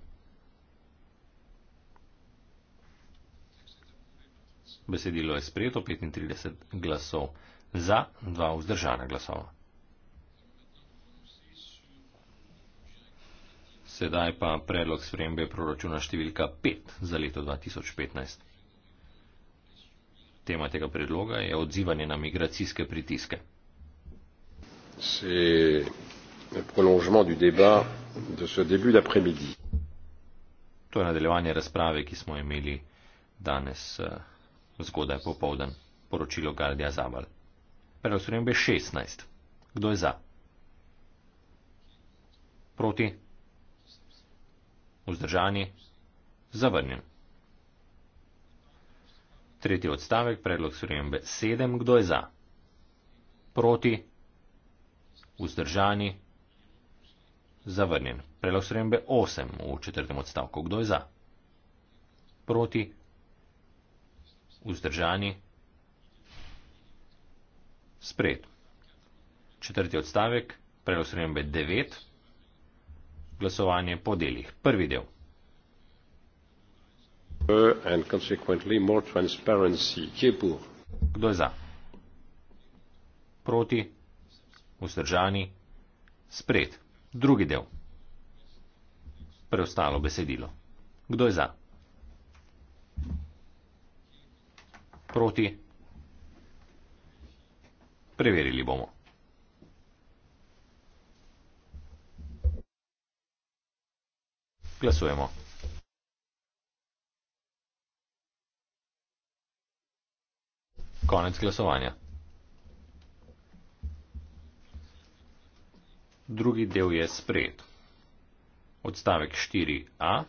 Speaker 4: Besedilo je sprejeto 35 glasov za, 2 vzdržana glasova. Sedaj pa predlog spremembe proračuna številka 5 za leto 2015. Tema tega predloga je odzivanje na migracijske pritiske.
Speaker 2: To je nadaljevanje razprave, ki smo imeli
Speaker 4: danes eh, zgodaj popovdan, poročilo Gardija Zabal. Predlog spremembe 16. Kdo je za? Proti? vzdržani, zavrnjen. Tretji odstavek, predlog spremembe 7, kdo je za? Proti, vzdržani, zavrnjen. Predlog spremembe 8 v četrtem odstavku, kdo je za? Proti, vzdržani, spred. Četrti odstavek, predlog spremembe 9,
Speaker 2: glasovanje po delih. Prvi del. Uh, Kdo je za?
Speaker 4: Proti? Vzdržani? Spred? Drugi del. Preostalo besedilo. Kdo je za? Proti? Preverili bomo. Glasujemo. Konec glasovanja. Drugi del je sprejet. Odstavek 4a,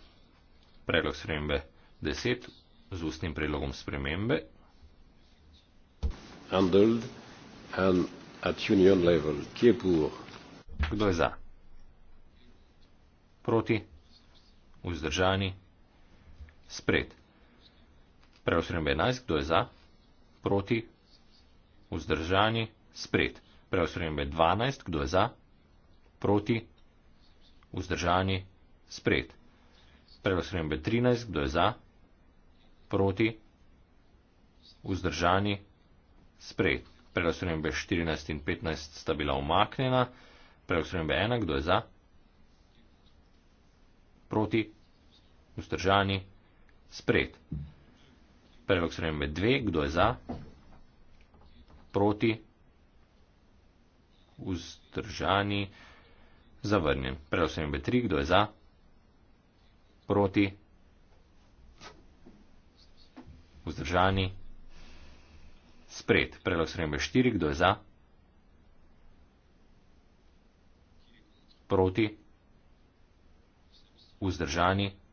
Speaker 4: predlog spremembe 10, z ustnim
Speaker 2: predlogom spremembe. Handled and at union level. Kje je pur? Kdo je za?
Speaker 4: Proti? vzdržani, spred. Prvo sprejem 11, kdo je za, proti, vzdržani, spred. Prvo sprejem 12, kdo je za, proti, vzdržani, spred. Prvo sprejem 13, kdo je za, proti, vzdržani, spred. Prvo sprejem 14 in 15 sta bila umaknjena. Prvo sprejem 1, kdo je za, proti, vzdržani, spred vzdržani, spred. Predlog spremembe dve, kdo je za, proti, vzdržani, zavrnjen. Predlog spremembe tri, kdo je za, proti, vzdržani, spred. Predlog spremembe štiri, kdo je za, proti, vzdržani, spred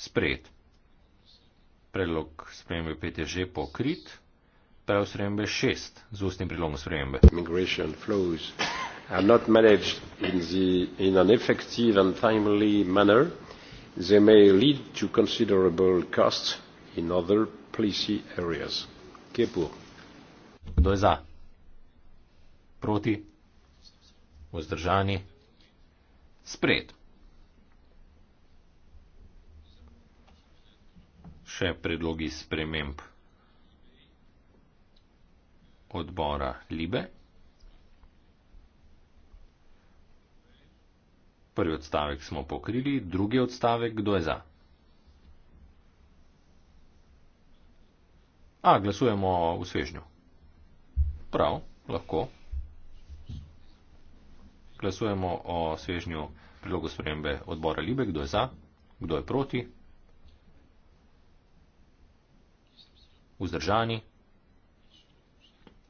Speaker 4: sprejet. Predlog
Speaker 2: spremembe 5 je že pokrit, predlog spremembe 6 z ustnim prilogom spremembe. are not managed in, the, in an effective and timely manner, they may lead to considerable costs in other policy areas. Kje je pur? Kdo je za?
Speaker 4: Proti? Vzdržani? Spred? še predlogi sprememb odbora Libe. Prvi odstavek smo pokrili, drugi odstavek, kdo je za? A, glasujemo v svežnju. Prav, lahko. Glasujemo o svežnju predlogu spremembe odbora Libe, kdo je za, kdo je proti. vzdržani,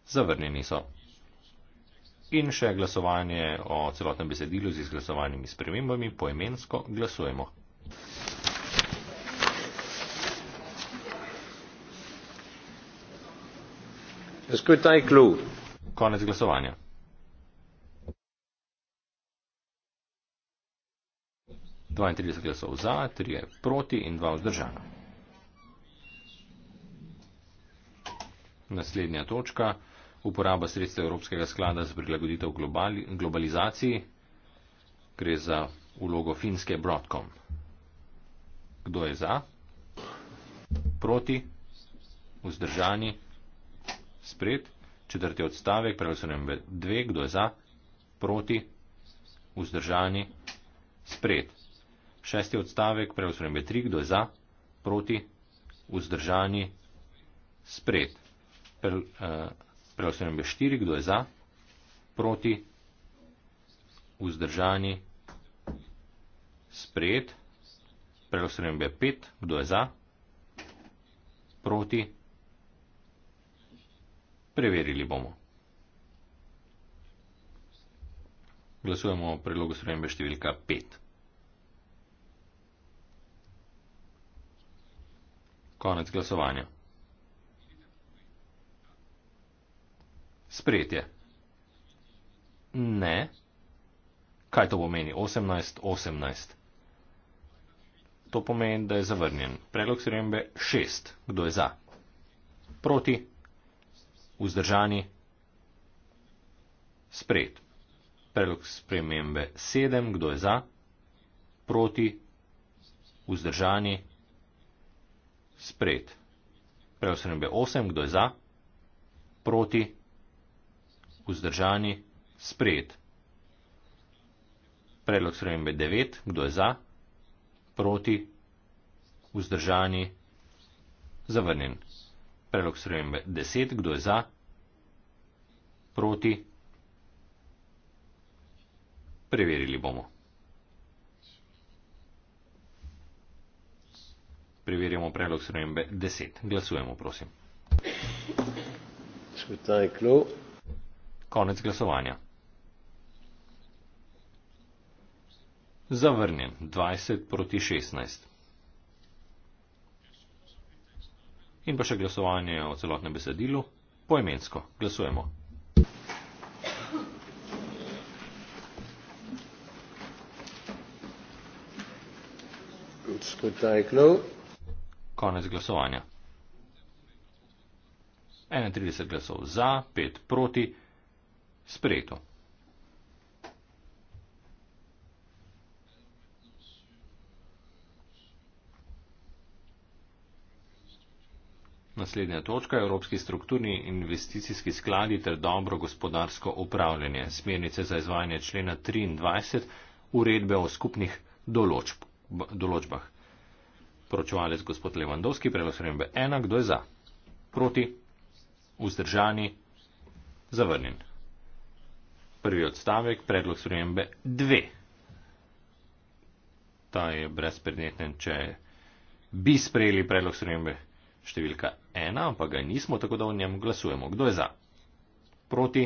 Speaker 4: zavrnjeni so. In še glasovanje o celotnem besedilu z izglasovanimi spremembami, poemensko glasujemo. Konec glasovanja. Dvaintrideset glasov za, tri proti in dva vzdržana. Naslednja točka. Uporaba sredstev Evropskega sklada za prilagoditev globali, globalizaciji. Gre za ulogo finske Broadcom. Kdo je za? Proti? Vzdržani? Spred? Četrti odstavek, preglasujem dve, kdo je za? Proti? Vzdržani? Spred? Šesti odstavek, preglasujem tri, kdo je za? Proti? Vzdržani? Spred? Eh, preglasujem be štiri, kdo je za, proti, vzdržani, sprejet. Preglasujem be pet, kdo je za, proti, preverili bomo. Glasujemo o predlogu spremembe številka 5. Konec glasovanja. Sprejetje. Ne. Kaj to pomeni? 18, 18. To pomeni, da je zavrnjen. Predlog sprejembe 6. Kdo je za? Proti. Vzdržani. Sprejet. Predlog sprejembe 7. Kdo je za? Proti. Vzdržani. Sprejet. Predlog sprejembe 8. Kdo je za? Proti. Vzdržani vzdržani, sprejet. Predlog spremembe 9, kdo je za, proti, vzdržani, zavrnjen. Predlog spremembe 10, kdo je za, proti, preverili bomo. Preverjamo predlog spremembe 10. Glasujemo, prosim. Svetaj klo. Konec glasovanja. Zavrnjen 20 proti 16. In pa še glasovanje o celotnem besedilu, poemensko. Glasujemo. Konec glasovanja. 31 glasov za, 5 proti. Sprejeto. Naslednja točka je Evropski strukturni investicijski skladi ter dobro gospodarsko upravljanje, smernice za izvajanje člena 23 uredbe o skupnih določb, določbah. Pročevalec gospod Levandovski, predlog sremembe 1, kdo je za? Proti? Vzdržani? Zavrnjen? prvi odstavek, predlog spremembe dve. Ta je brezpredmeten, če bi sprejeli predlog spremembe številka ena, ampak ga nismo, tako da o njem glasujemo. Kdo je za? Proti?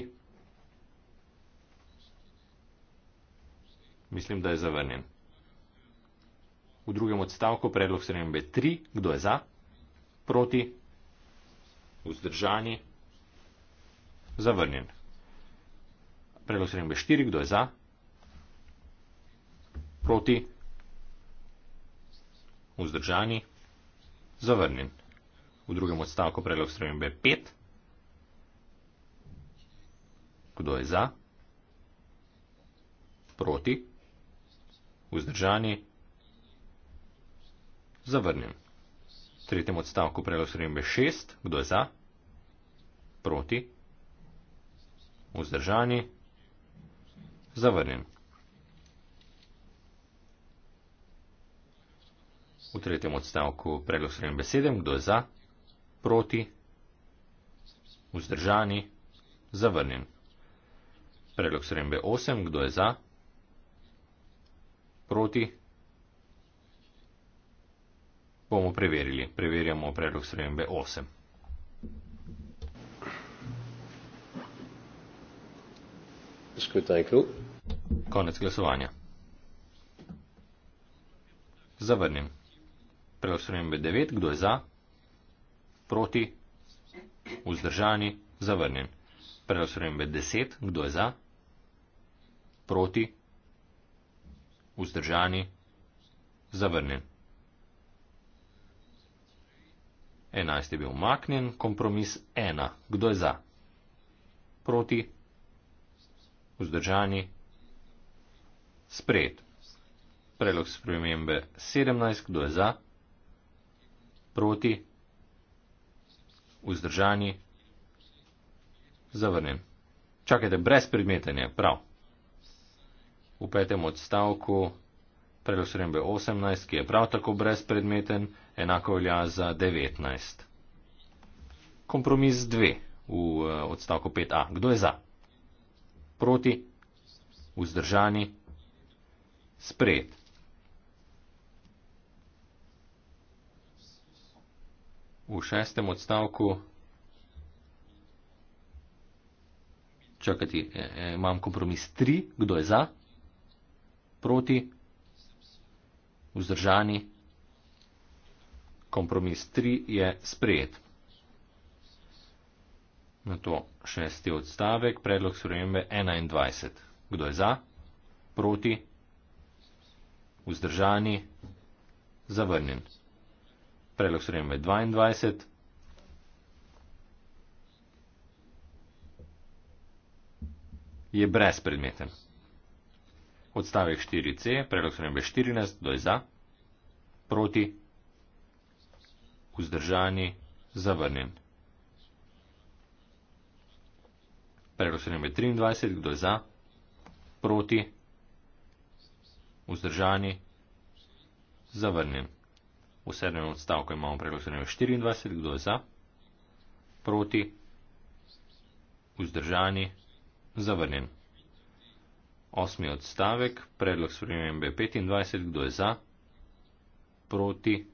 Speaker 4: Mislim, da je zavrnjen. V drugem odstavku predlog spremembe tri. Kdo je za? Proti? Vzdržani? Zavrnjen. Predlog spremembe 4, kdo je za? Proti? Vzdržani? Zavrnjen. V drugem odstavku predlog spremembe 5. Kdo je za? Proti? Vzdržani? Zavrnjen. V tretjem odstavku predlog spremembe 6. Kdo je za? Proti? Vzdržani? Zavrnjen zavrnjen. V tretjem odstavku predlog sprejem besede, kdo je za, proti, vzdržani, zavrnjen. Predlog sprejem B8, kdo je za, proti, bomo preverili. Preverjamo predlog sprejem B8. Skrutin je kljub. Konec glasovanja. Zavrnjen. Preostrojen je 9, kdo je za? Proti? Vzdržani? Zavrnjen. Preostrojen je 10, kdo je za? Proti? Vzdržani? Zavrnjen. 11 je bil umaknjen, kompromis 1, kdo je za? Proti? vzdržani, sprejet. Predlog spremembe 17, kdo je za, proti, vzdržani, zavrnjen. Čakajte, brez predmetenja, prav. V petem odstavku predlog spremembe 18, ki je prav tako brez predmeten, enako velja za 19. Kompromis 2 v eh, odstavku 5a. Kdo je za? proti, vzdržani, sprejet. V šestem odstavku čakati, e, e, imam kompromis 3, kdo je za, proti, vzdržani, kompromis 3 je sprejet. Na to šesti odstavek, predlog spremembe 21. Kdo je za? Proti? Vzdržani? Zavrnjen. Predlog spremembe 22. Je brezpredmeten. Odstavek 4c, predlog spremembe 14. Kdo je za? Proti? Vzdržani? Zavrnjen. Preglasujem je 23, kdo je za, proti, vzdržani, zavrnjen. V sedmem odstavku imamo preglasujem je 24, kdo je za, proti, vzdržani, zavrnjen. Osmi odstavek, predlog spremembe 25, kdo je za, proti,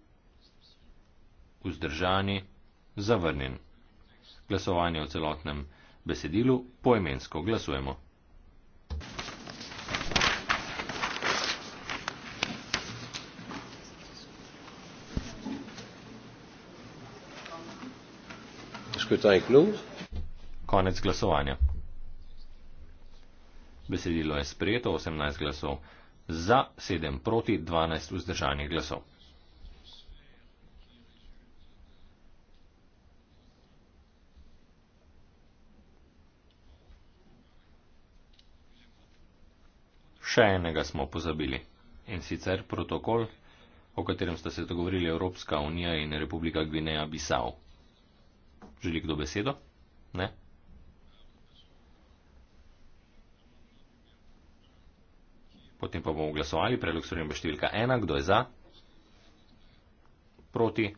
Speaker 4: vzdržani, zavrnjen. Glasovanje o celotnem besedilu poemensko glasujemo. Konec glasovanja. Besedilo je sprejeto 18 glasov za, 7 proti, 12 vzdržanih glasov. Še enega smo pozabili. In sicer protokol, o katerem sta se dogovorili Evropska unija in Republika Gvineja Bisav. Želi kdo besedo? Ne? Potem pa bomo glasovali. Predlog sprememba številka ena. Kdo je za? Proti?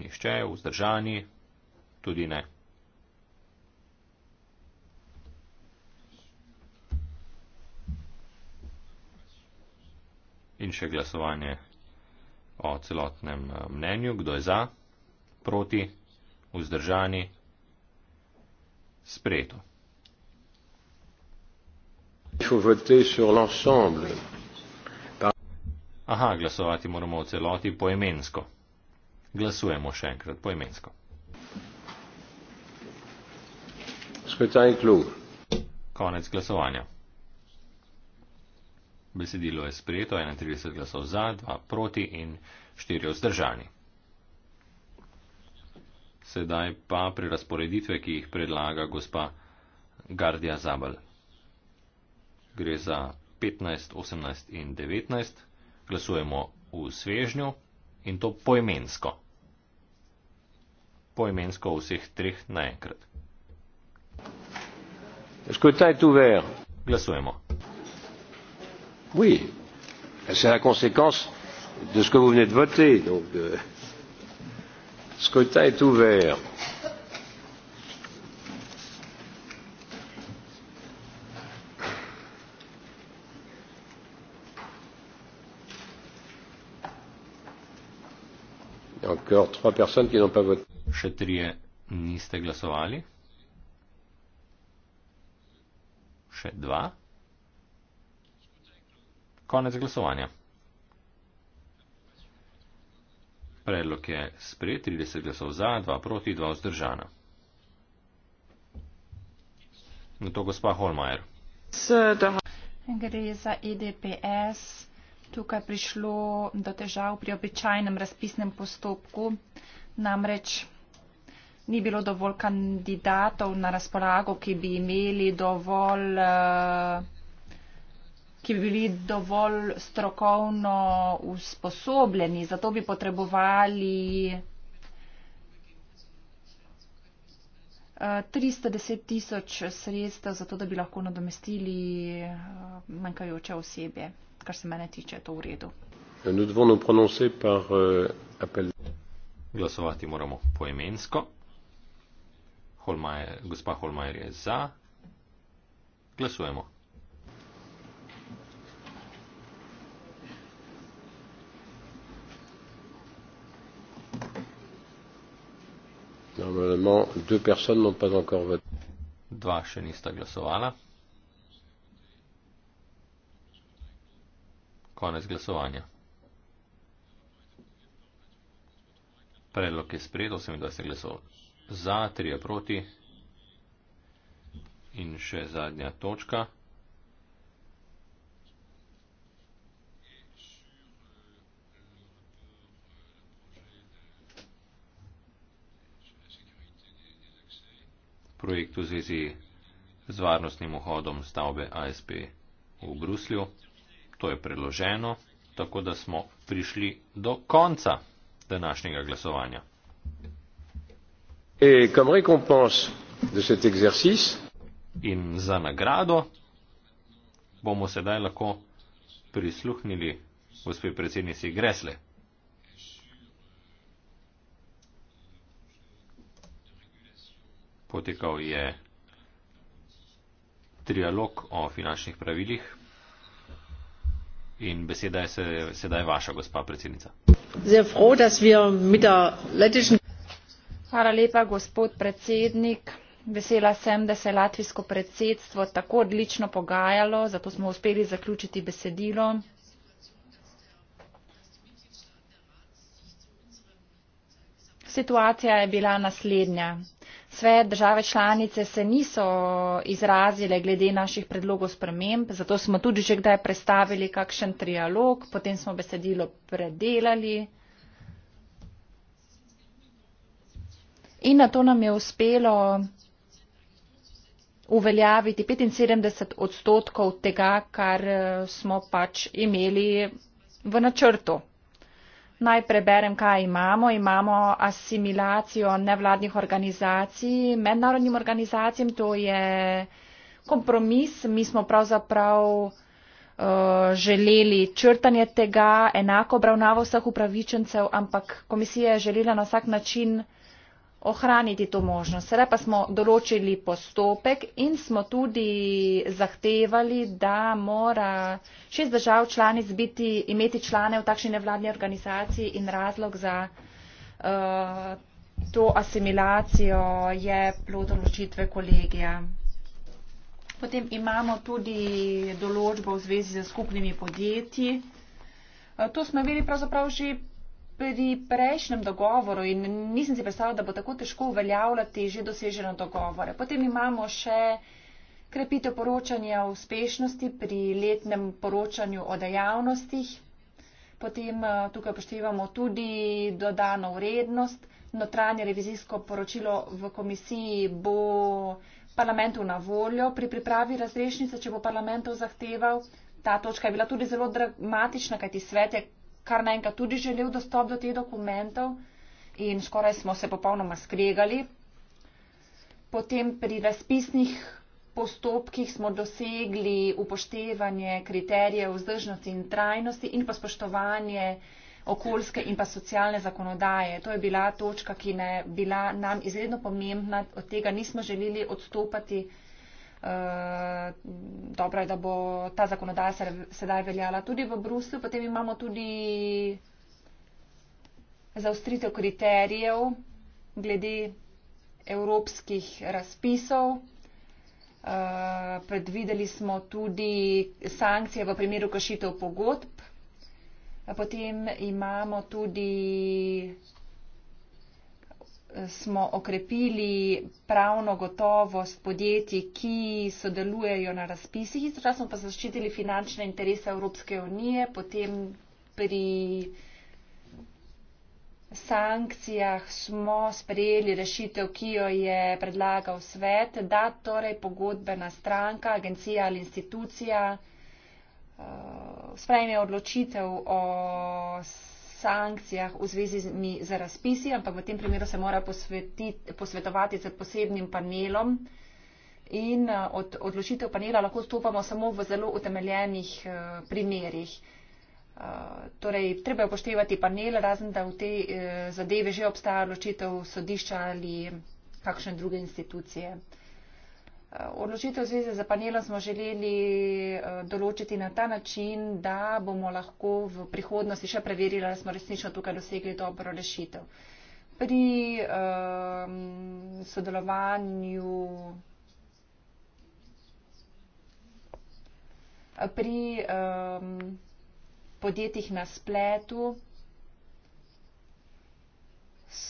Speaker 4: Nihče, vzdržani, tudi ne. in še glasovanje o celotnem eh, mnenju, kdo je za, proti, vzdržani, sprejeto. Aha, glasovati moramo v celoti poemensko. Glasujemo še enkrat poemensko. Konec glasovanja. Besedilo je sprejeto 31 glasov za, 2 proti in 4 vzdržani. Sedaj pa pri razporeditve, ki jih predlaga gospa Gardija Zabel. Gre za 15, 18 in 19. Glasujemo v svežnju in to poimensko. Poimensko vseh treh naenkrat.
Speaker 2: Glasujemo oui c'est la conséquence de ce que vous venez de voter donc euh, le scrutin est ouvert il y a encore trois
Speaker 4: personnes qui n'ont pas voté Četrije niste glasovali? Še dva? Konec glasovanja. Predlog je sprejet 30 glasov za, 2 proti, 2 vzdržana. Na to gospa Holmajer.
Speaker 3: Gre za EDPS. Tukaj prišlo do težav pri običajnem razpisnem postopku. Namreč ni bilo dovolj kandidatov na razpolago, ki bi imeli dovolj. Uh, ki bi bili dovolj strokovno usposobljeni, zato bi potrebovali 310 eh, tisoč sredstev, zato da bi lahko nadomestili eh, manjkajoče osebe, kar se mene tiče, to v redu.
Speaker 2: Eh,
Speaker 4: Glasovati moramo poemensko. Holmajer, gospa Holmajer je za. Glasujemo.
Speaker 2: Normalement, deux personnes n'ont pas encore voté. Dva še
Speaker 4: nista glasovala. Konec glasovanja. Predlog je spred 28 glasov za, 3 proti in še zadnja točka. projekt v zvezi z varnostnim vhodom stavbe ASP v Bruslju. To je predloženo, tako da smo prišli do konca današnjega glasovanja.
Speaker 2: In za nagrado bomo sedaj lahko prisluhnili
Speaker 4: gospe predsednici Gresle. potekal je trialog o finančnih pravilih in beseda je sedaj vaša, gospa predsednica.
Speaker 3: Hvala lepa, gospod predsednik. Vesela sem, da se je latvijsko predsedstvo tako odlično pogajalo, zato smo uspeli zaključiti besedilo. Situacija je bila naslednja. Sve države članice se niso izrazile glede naših predlogov sprememb, zato smo tudi že kdaj predstavili kakšen trialog, potem smo besedilo predelali. In na to nam je uspelo uveljaviti 75 odstotkov tega, kar eh, smo pač imeli v načrtu. Naj preberem, kaj imamo. Imamo asimilacijo nevladnih organizacij, mednarodnim organizacijam, to je kompromis. Mi smo pravzaprav uh, želeli črtanje tega, enako obravnavo vseh upravičencev, ampak komisija je želela na vsak način uh, ohraniti to možnost. Sedaj pa smo določili postopek in smo tudi zahtevali, da mora šest držav članic biti, imeti člane v takšni nevladni organizaciji in razlog za uh, to asimilacijo je plod odločitve kolegija. Potem imamo tudi določbo v zvezi z skupnimi podjetji. Uh, to smo imeli pravzaprav že pri prejšnjem dogovoru in nisem si predstavljala, da bo tako težko uveljavljati že dosežene dogovore. Potem imamo še krepitev poročanja o uspešnosti pri letnem poročanju o dejavnostih. Potem eh, tukaj poštevamo tudi dodano vrednost. Notranje revizijsko poročilo v komisiji bo parlamentu na voljo pri pripravi razrešnice, če bo parlamentu zahteval. Ta točka je bila tudi zelo dramatična, kajti svet je kar naenkrat tudi želel dostop do teh dokumentov in skoraj smo se popolnoma skregali. Potem pri razpisnih postopkih smo dosegli upoštevanje kriterijev vzdržnosti in trajnosti in pa spoštovanje okoljske in pa socialne zakonodaje. To je bila točka, ki je bila nam izredno pomembna, od tega nismo želeli odstopati. Eh, dobro je, da bo ta zakonodaja sedaj veljala tudi v Bruslju. Potem imamo tudi zaustritev kriterijev glede evropskih razpisov. Eh, predvideli smo tudi sankcije v primeru kršitev pogodb. Potem imamo tudi smo okrepili pravno gotovost podjetij, ki sodelujejo na razpisih, istočasno pa zaščitili finančne interese Evropske unije, potem pri sankcijah smo sprejeli rešitev, ki jo je predlagal svet, da torej pogodbena stranka, agencija ali institucija uh, sprejme odločitev o sankcijah v zvezi z, mi, z razpisi, ampak v tem primeru se mora posvetit, posvetovati z posebnim panelom in eh, od odločitev panela lahko stopamo samo v zelo utemeljenih eh, primerjih. Eh, torej, treba je upoštevati panel, razen da v te zadeve že obstaja odločitev sodišča ali kakšne druge institucije. Eh, odločitev zveze za panelom smo želeli eh, določiti na ta način, da bomo lahko v prihodnosti še preverili, da smo resnično tukaj dosegli dobro rešitev. Pri um, sodelovanju. Pri um, podjetjih na spletu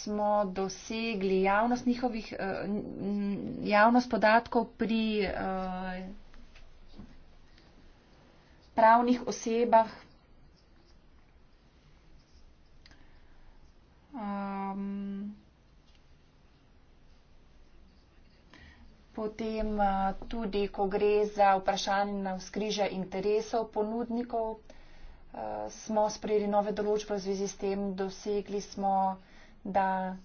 Speaker 3: smo dosegli javnost, njihovih, eh, javnost podatkov pri eh, pravnih osebah. Ehm, potem eh, tudi, ko gre za vprašanje na skriže interesov ponudnikov, smo sprejeli nove določbe v zvezi s tem, dosegli smo da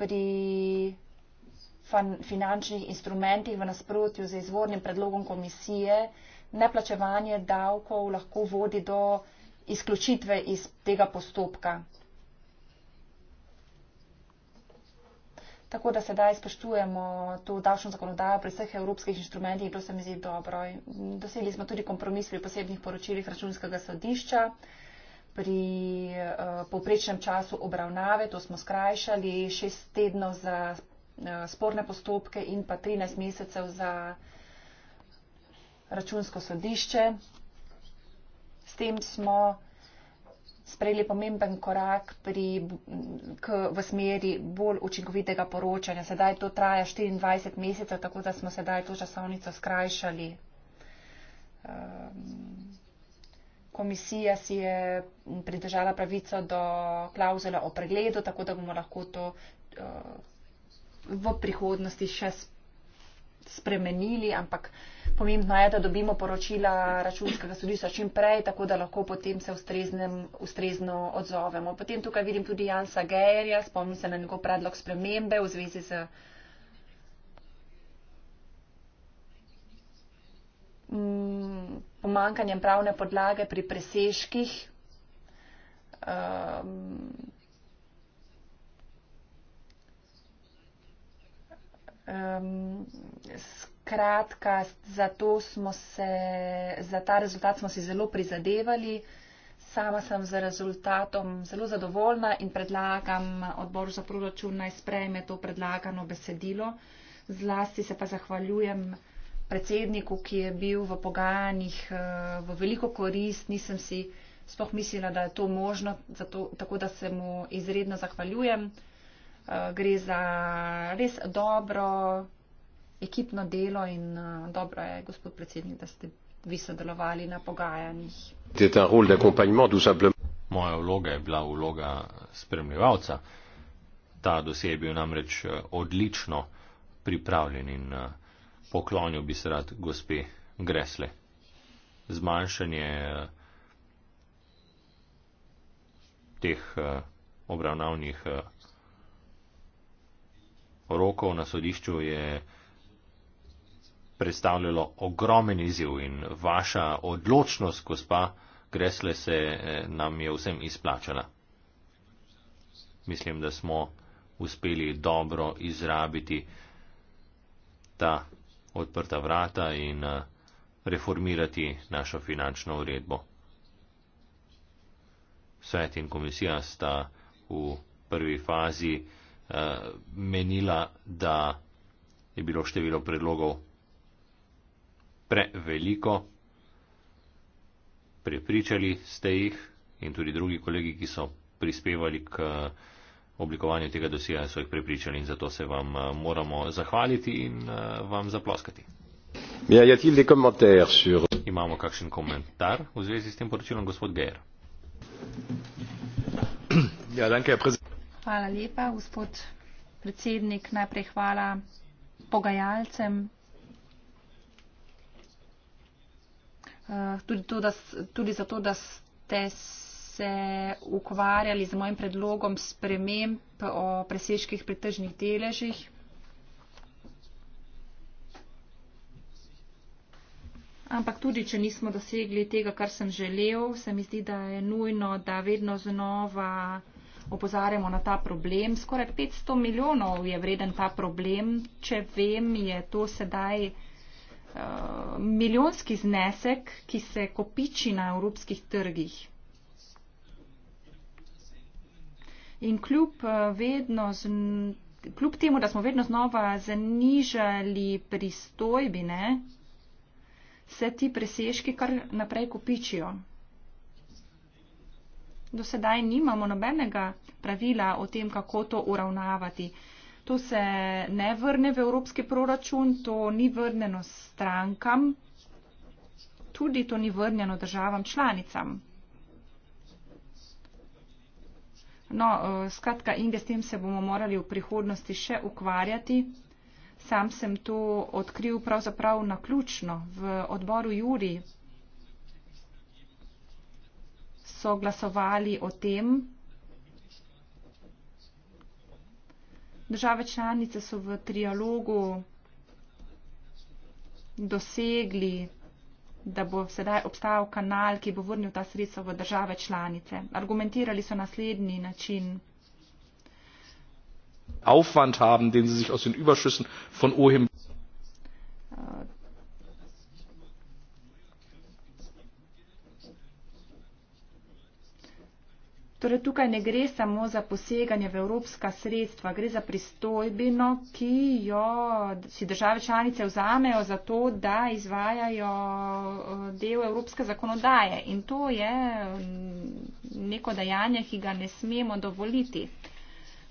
Speaker 3: pri finančnih instrumentih v nasprotju z izvornim predlogom komisije neplačevanje davkov lahko vodi do izključitve iz tega postopka. Tako da sedaj spoštujemo to davčno zakonodajo pri vseh evropskih inštrumentih in to se mi zdi dobro. Dosegli smo tudi kompromis pri posebnih poročilih računskega sodišča pri uh, povprečnem času obravnave, to smo skrajšali, šest tednov za uh, sporne postopke in pa 13 mesecev za računsko sodišče. S tem smo sprejeli pomemben korak pri, k, v smeri bolj učinkovitega poročanja. Sedaj to traja 24 mesecev, tako da smo sedaj to časovnico skrajšali. Um, komisija si je pridržala pravico do klauzule o pregledu, tako da bomo lahko to eh, v prihodnosti še spremenili, ampak pomembno je, da dobimo poročila računskega sodišča čim prej, tako da lahko potem se ustreznem, ustrezno odzovemo. Potem tukaj vidim tudi Jansa Gejerja, spomnim se na njegov predlog spremembe v zvezi z Mm, pomankanjem pravne podlage pri preseških. Um, um, skratka, za, se, za ta rezultat smo si zelo prizadevali. Sama sem z rezultatom zelo zadovoljna in predlagam odboru za proračun naj sprejme to predlagano besedilo. Zlasti se pa zahvaljujem predsedniku, ki je bil v pogajanjih eh, v veliko korist, nisem si sploh mislila, da je to možno, zato, tako da se mu izredno zahvaljujem. Eh, gre za res dobro ekipno delo in eh, dobro je, gospod predsednik, da ste vi sodelovali na pogajanjih.
Speaker 4: Moja vloga je bila vloga spremljevalca. Ta dosje je bil namreč odlično pripravljen in poklonil bi se rad gospe Gresle. Zmanjšanje eh, teh eh, obravnavnih eh, rokov na sodišču je predstavljalo ogromen izjiv in vaša odločnost, gospa Gresle, se nam je vsem izplačala. Mislim, da smo uspeli dobro izrabiti ta odprta vrata in eh, reformirati našo finančno uredbo. Svet in komisija sta v prvi fazi eh, menila, da je bilo število predlogov preveliko. Prepričali ste jih in tudi drugi kolegi, ki so prispevali k eh, oblikovanju tega dosija so jih prepričali in zato se vam eh, moramo zahvaliti in eh, vam zaploskati.
Speaker 2: Sur... Imamo kakšen komentar
Speaker 4: v zvezi s tem poročilom, gospod Geir.
Speaker 2: Ja,
Speaker 3: hvala lepa, gospod predsednik. Najprej hvala pogajalcem. Uh, tudi, to, da, tudi zato, da ste. S se ukvarjali z mojim predlogom sprememb o preseških pritežnih deležih. Ampak tudi, če nismo dosegli tega, kar sem želel, se mi zdi, da je nujno, da vedno znova opozarjamo na ta problem. Skoraj 500 milijonov je vreden ta problem. Če vem, je to sedaj uh, milijonski znesek, ki se kopiči na evropskih trgih. In kljub eh, vedno z. Kljub temu, da smo vedno znova znižali pristojbine, se ti presežki kar naprej kopičijo. Do sedaj nimamo nobenega pravila o tem, kako to uravnavati. To se ne vrne v evropski proračun, to ni vrneno strankam, tudi to ni vrneno državam članicam. No, eh, skratka, Inge, s tem se bomo morali v prihodnosti še ukvarjati. Sam sem to odkril pravzaprav na ključno v odboru Juri. So glasovali o tem. Države članice so v trialogu dosegli da bo sedaj obstajal kanal, ki bo vrnil ta sredstva v države članice. Argumentirali so naslednji način.
Speaker 2: Aufwand haben, den sie sich aus den Überschüssen von OHIM
Speaker 3: Torej, tukaj ne gre samo za poseganje v evropska sredstva, gre za pristojbino, ki jo si države članice vzamejo za to, da izvajajo eh, del evropske zakonodaje. In to je mm, neko dejanje, ki ga ne smemo dovoliti,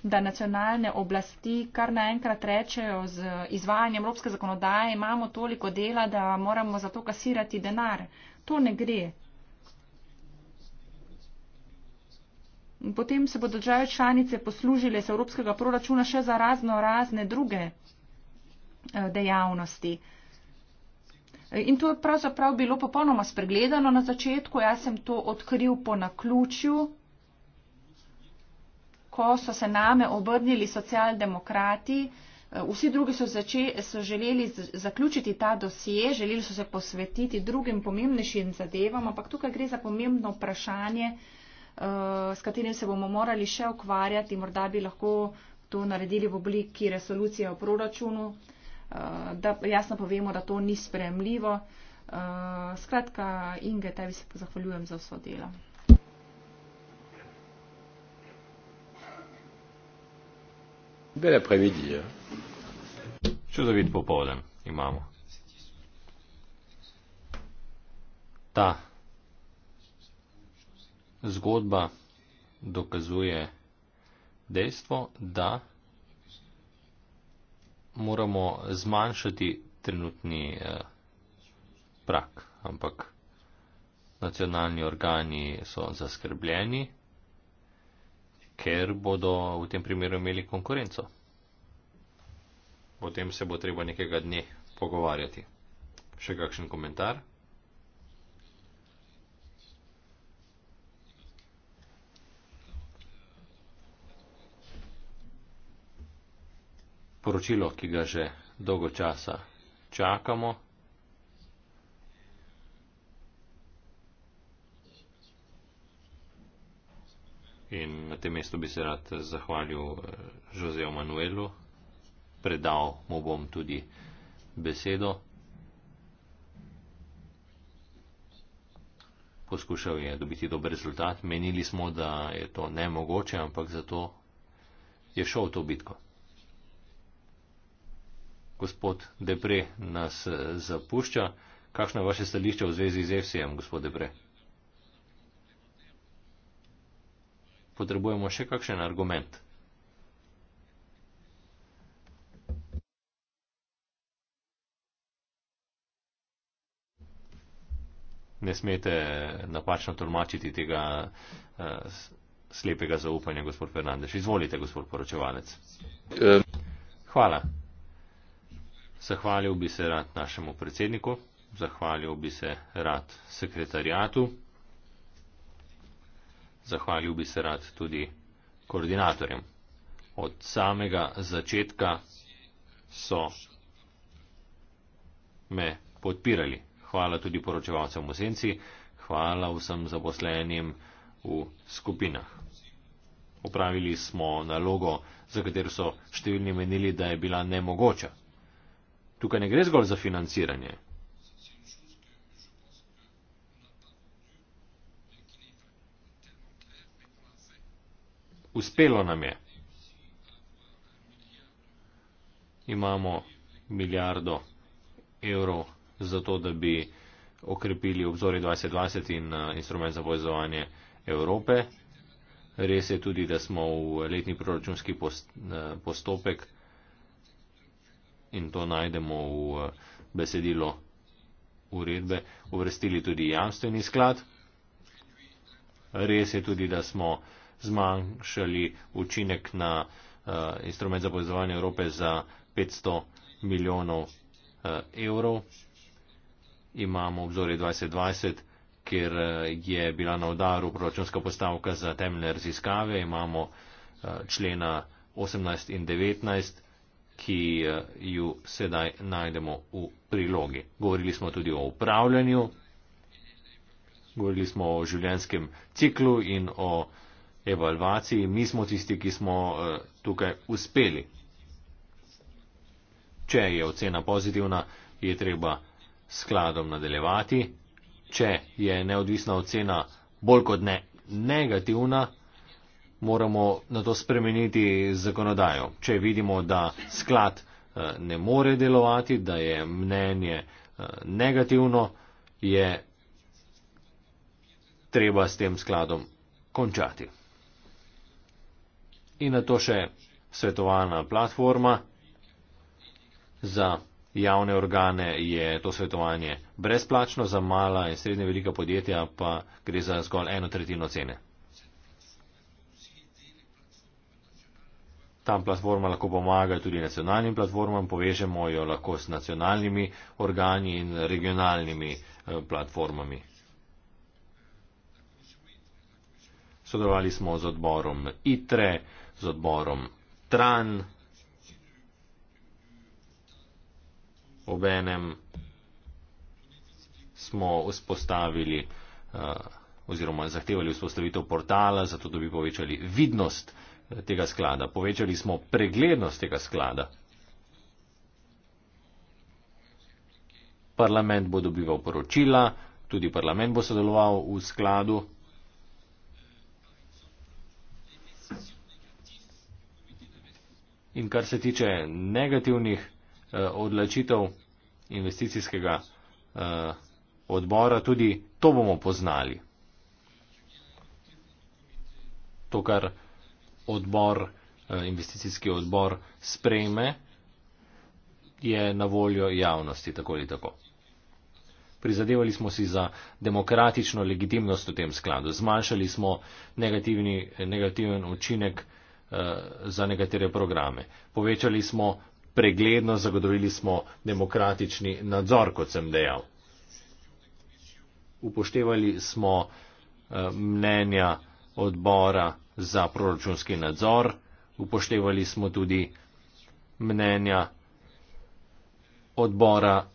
Speaker 3: da nacionalne oblasti kar naenkrat rečejo z izvajanjem evropske zakonodaje, imamo toliko dela, da moramo za to kasirati denar. To ne gre. potem se bodo države članice poslužile z evropskega proračuna še za razno razne druge eh, dejavnosti. In to je pravzaprav bilo popolnoma spregledano na začetku, jaz sem to odkril po naključju, ko so se name obrnili socialdemokrati, eh, vsi drugi so, zače, so želeli zaključiti ta dosje, želeli so se posvetiti drugim pomembnejšim zadevam, ampak tukaj gre za pomembno vprašanje, Eh, s katerim se bomo morali še ukvarjati, morda bi lahko to naredili v obliki resolucije o proračunu, eh, da jasno povemo, da to ni spremljivo. Eh, skratka, Inge, tebi se zahvaljujem za vso delo.
Speaker 4: Bele previdije. Ja. Čudovit popoldan imamo. Ta zgodba dokazuje dejstvo, da moramo zmanjšati trenutni eh, prak, ampak nacionalni organi so zaskrbljeni, ker bodo v tem primeru imeli konkurenco. O tem se bo treba nekega dne pogovarjati. Še kakšen komentar? poročilo, ki ga že dolgo časa čakamo. In na tem mestu bi se rad zahvalil Žozeju eh, Manuelu, predal mu bom tudi besedo. Poskušal je dobiti dober rezultat, menili smo, da je to nemogoče, ampak zato je šel v to bitko gospod Depre nas eh, zapušča. Kakšno je vaše stališče v zvezi z EFSI-jem, gospod Depre? Potrebujemo še kakšen argument. Ne smete eh, napačno tolmačiti tega uh, slepega zaupanja, gospod Fernandez. Izvolite, gospod poročevalec. Hvala. Zahvalil bi se rad našemu predsedniku, zahvalil bi se rad sekretarijatu, zahvalil bi se rad tudi koordinatorjem. Od samega začetka so me podpirali. Hvala tudi poročevalcem v senci, hvala vsem zaposlenim v skupinah. Opravili smo nalogo, za katero so številni menili, da je bila nemogoča. Tukaj ne gre zgolj za financiranje. Uspelo nam je. Imamo milijardo evrov za to, da bi okrepili obzori 2020 in uh, instrument za povezovanje Evrope. Res je tudi, da smo v letni proračunski uh, postopek in to najdemo v eh, besedilo uredbe, uvrstili tudi jamstveni sklad. Res je tudi, da smo zmanjšali učinek na uh, instrument za povezovanje Evrope za 500 milijonov uh, evrov. Imamo obzorje 2020, kjer je bila na udaru proračunska postavka za temeljne raziskave. Imamo uh, člena 18 in 19 ki eh, ju sedaj najdemo v prilogi. Govorili smo tudi o upravljanju, govorili smo o življenjskem ciklu in o evalvaciji. Mi smo tisti, ki smo eh, tukaj uspeli. Če je ocena pozitivna, je treba skladom nadaljevati. Če je neodvisna ocena bolj kot ne negativna, moramo na to spremeniti zakonodajo. Če vidimo, da sklad eh, ne more delovati, da je mnenje eh, negativno, je treba s tem skladom končati. In na to še svetovalna platforma za javne organe je to svetovanje brezplačno, za mala in srednje velika podjetja pa gre za zgolj eno tretjino cene. Tam platforma lahko pomaga tudi nacionalnim platformam, povežemo jo lahko s nacionalnimi organi in regionalnimi eh, platformami. Sodelovali smo z odborom ITRE, z odborom TRAN, obenem smo vzpostavili eh, oziroma zahtevali vzpostavitev portala, zato da bi povečali vidnost tega sklada, povečali smo preglednost tega sklada. Parlament bo dobival poročila, tudi parlament bo sodeloval v skladu. In kar se tiče negativnih eh, odločitev investicijskega eh, odbora, tudi to bomo poznali. To, kar odbor, eh, investicijski odbor sprejme, je na voljo javnosti tako ali tako. Prizadevali smo si za demokratično legitimnost v tem skladu. Zmanjšali smo negativen učinek eh, za nekatere programe. Povečali smo pregledno, zagotovili smo demokratični nadzor, kot sem dejal. Upoštevali smo eh, mnenja odbora za proračunski nadzor, upoštevali smo tudi mnenja odbora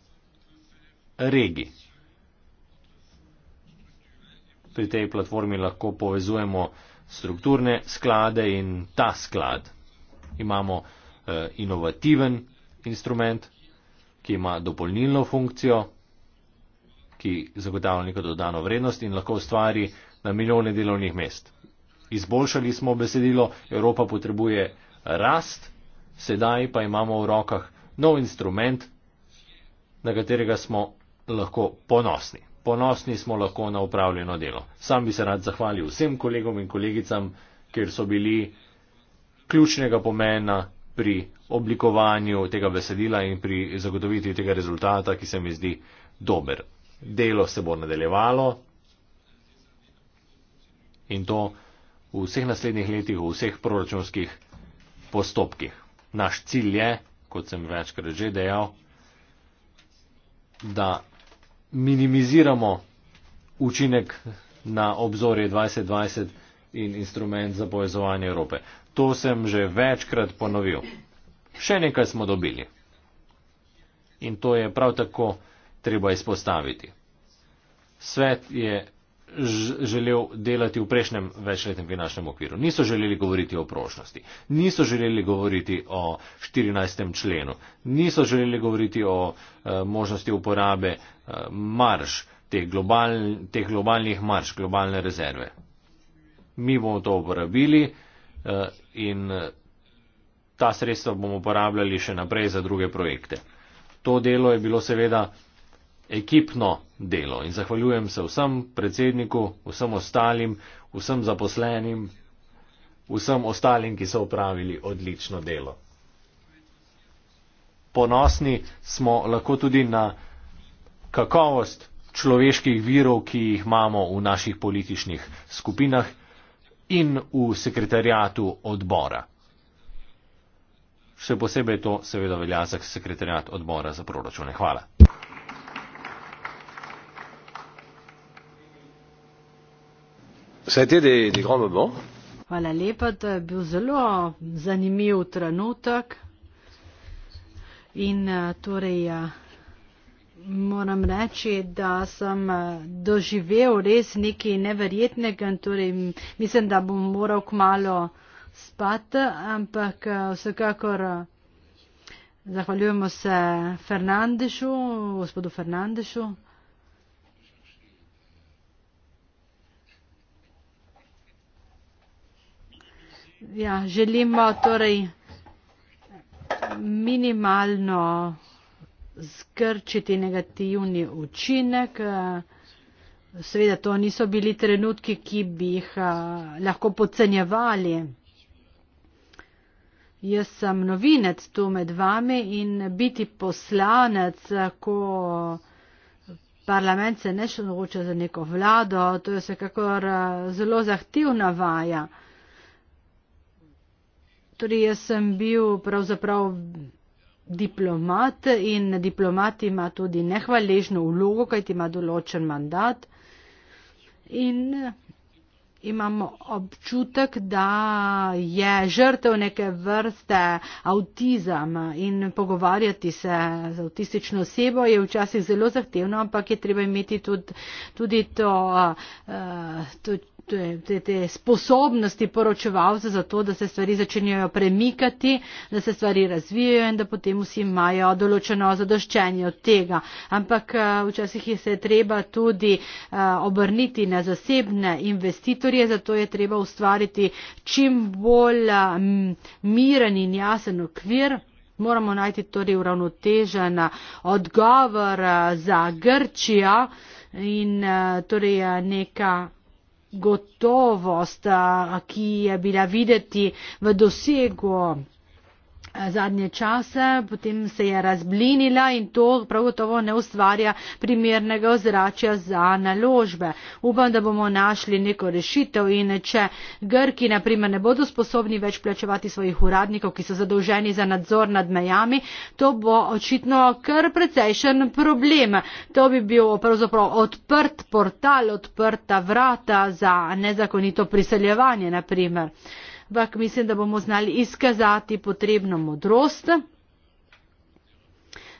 Speaker 4: regi. Pri tej platformi lahko povezujemo strukturne sklade in ta sklad. Imamo eh, inovativen instrument, ki ima dopolnilno funkcijo, ki zagotavlja neko dodano vrednost in lahko ustvari na milijone delovnih mest izboljšali smo besedilo, Evropa potrebuje rast, sedaj pa imamo v rokah nov instrument, na katerega smo lahko ponosni. Ponosni smo lahko na upravljeno delo. Sam bi se rad zahvalil vsem kolegom in kolegicam, ker so bili ključnega pomena pri oblikovanju tega besedila in pri zagotovitvi tega rezultata, ki se mi zdi dober. Delo se bo nadaljevalo in to v vseh naslednjih letih, v vseh proračunskih postopkih. Naš cilj je, kot sem večkrat že dejal, da minimiziramo učinek na obzorje 2020 in instrument za povezovanje Evrope. To sem že večkrat ponovil. Še nekaj smo dobili. In to je prav tako treba izpostaviti. Svet je želel delati v prejšnjem večletnem finančnem okviru. Niso želeli govoriti o prošnosti, niso želeli govoriti o 14. členu, niso želeli govoriti o e, možnosti uporabe e, eh, marš, teh, global, teh globalnih marš, globalne rezerve. Mi bomo to uporabili e, in ta sredstva bomo uporabljali še naprej za druge projekte. To delo je bilo seveda ekipno delo in zahvaljujem se vsem predsedniku, vsem ostalim, vsem zaposlenim, vsem ostalim, ki so upravili odlično delo. Ponosni smo lahko tudi na kakovost človeških virov, ki jih imamo v naših političnih skupinah in v sekretarijatu odbora. Še posebej to seveda velja za sekretarijat odbora za proračune. Hvala.
Speaker 2: Saj te des, des grands moments.
Speaker 1: Hvala lepa, to je bil zelo zanimiv trenutek. In eh, torej ja, moram reči, da sem eh, doživel res nekaj neverjetnega in torej mislim, da bom moral kmalo spati, ampak eh, vsekakor zahvaljujemo se Fernandešu, gospodu Fernandešu. Ja, želimo torej minimalno zgrčiti negativni učinek. Seveda to niso bili trenutki, ki bi jih lahko podcenjevali. Jaz sem novinec tu med vami in biti poslanec, ko parlament se ne še odloča za neko vlado, to je vsekakor zelo zahtevna vaja. Torej, jaz sem bil pravzaprav diplomat in diplomat ima tudi nehvaležno vlogo, kajti ima določen mandat. In eh, imamo občutek, da je žrtev neke vrste avtizam in pogovarjati se z avtistično osebo je včasih zelo zahtevno, ampak je treba imeti tudi, tudi to, eh, eh, to te, te, te sposobnosti poročevalca za to, da se stvari začenjajo premikati, da se stvari razvijajo in da potem vsi imajo določeno zadoščenje od tega. Ampak eh, včasih je se treba tudi eh, obrniti na zasebne investitorje, zato je treba ustvariti čim bolj mm, miren in jasen okvir. Moramo najti torej uravnotežen eh, odgovor za Grčijo in torej neka gotovost, ki je bila videti v dosegu zadnje čase, potem se je razblinila in to prav gotovo ne ustvarja primernega ozračja za naložbe. Upam, da bomo našli neko rešitev in če Grki naprimer ne bodo sposobni več plačevati svojih uradnikov, ki so zadolženi za nadzor nad mejami, to bo očitno kar precejšen problem. To bi bil pravzaprav odprt portal, odprta vrata za nezakonito priseljevanje naprimer ampak mislim, da bomo znali izkazati potrebno modrost.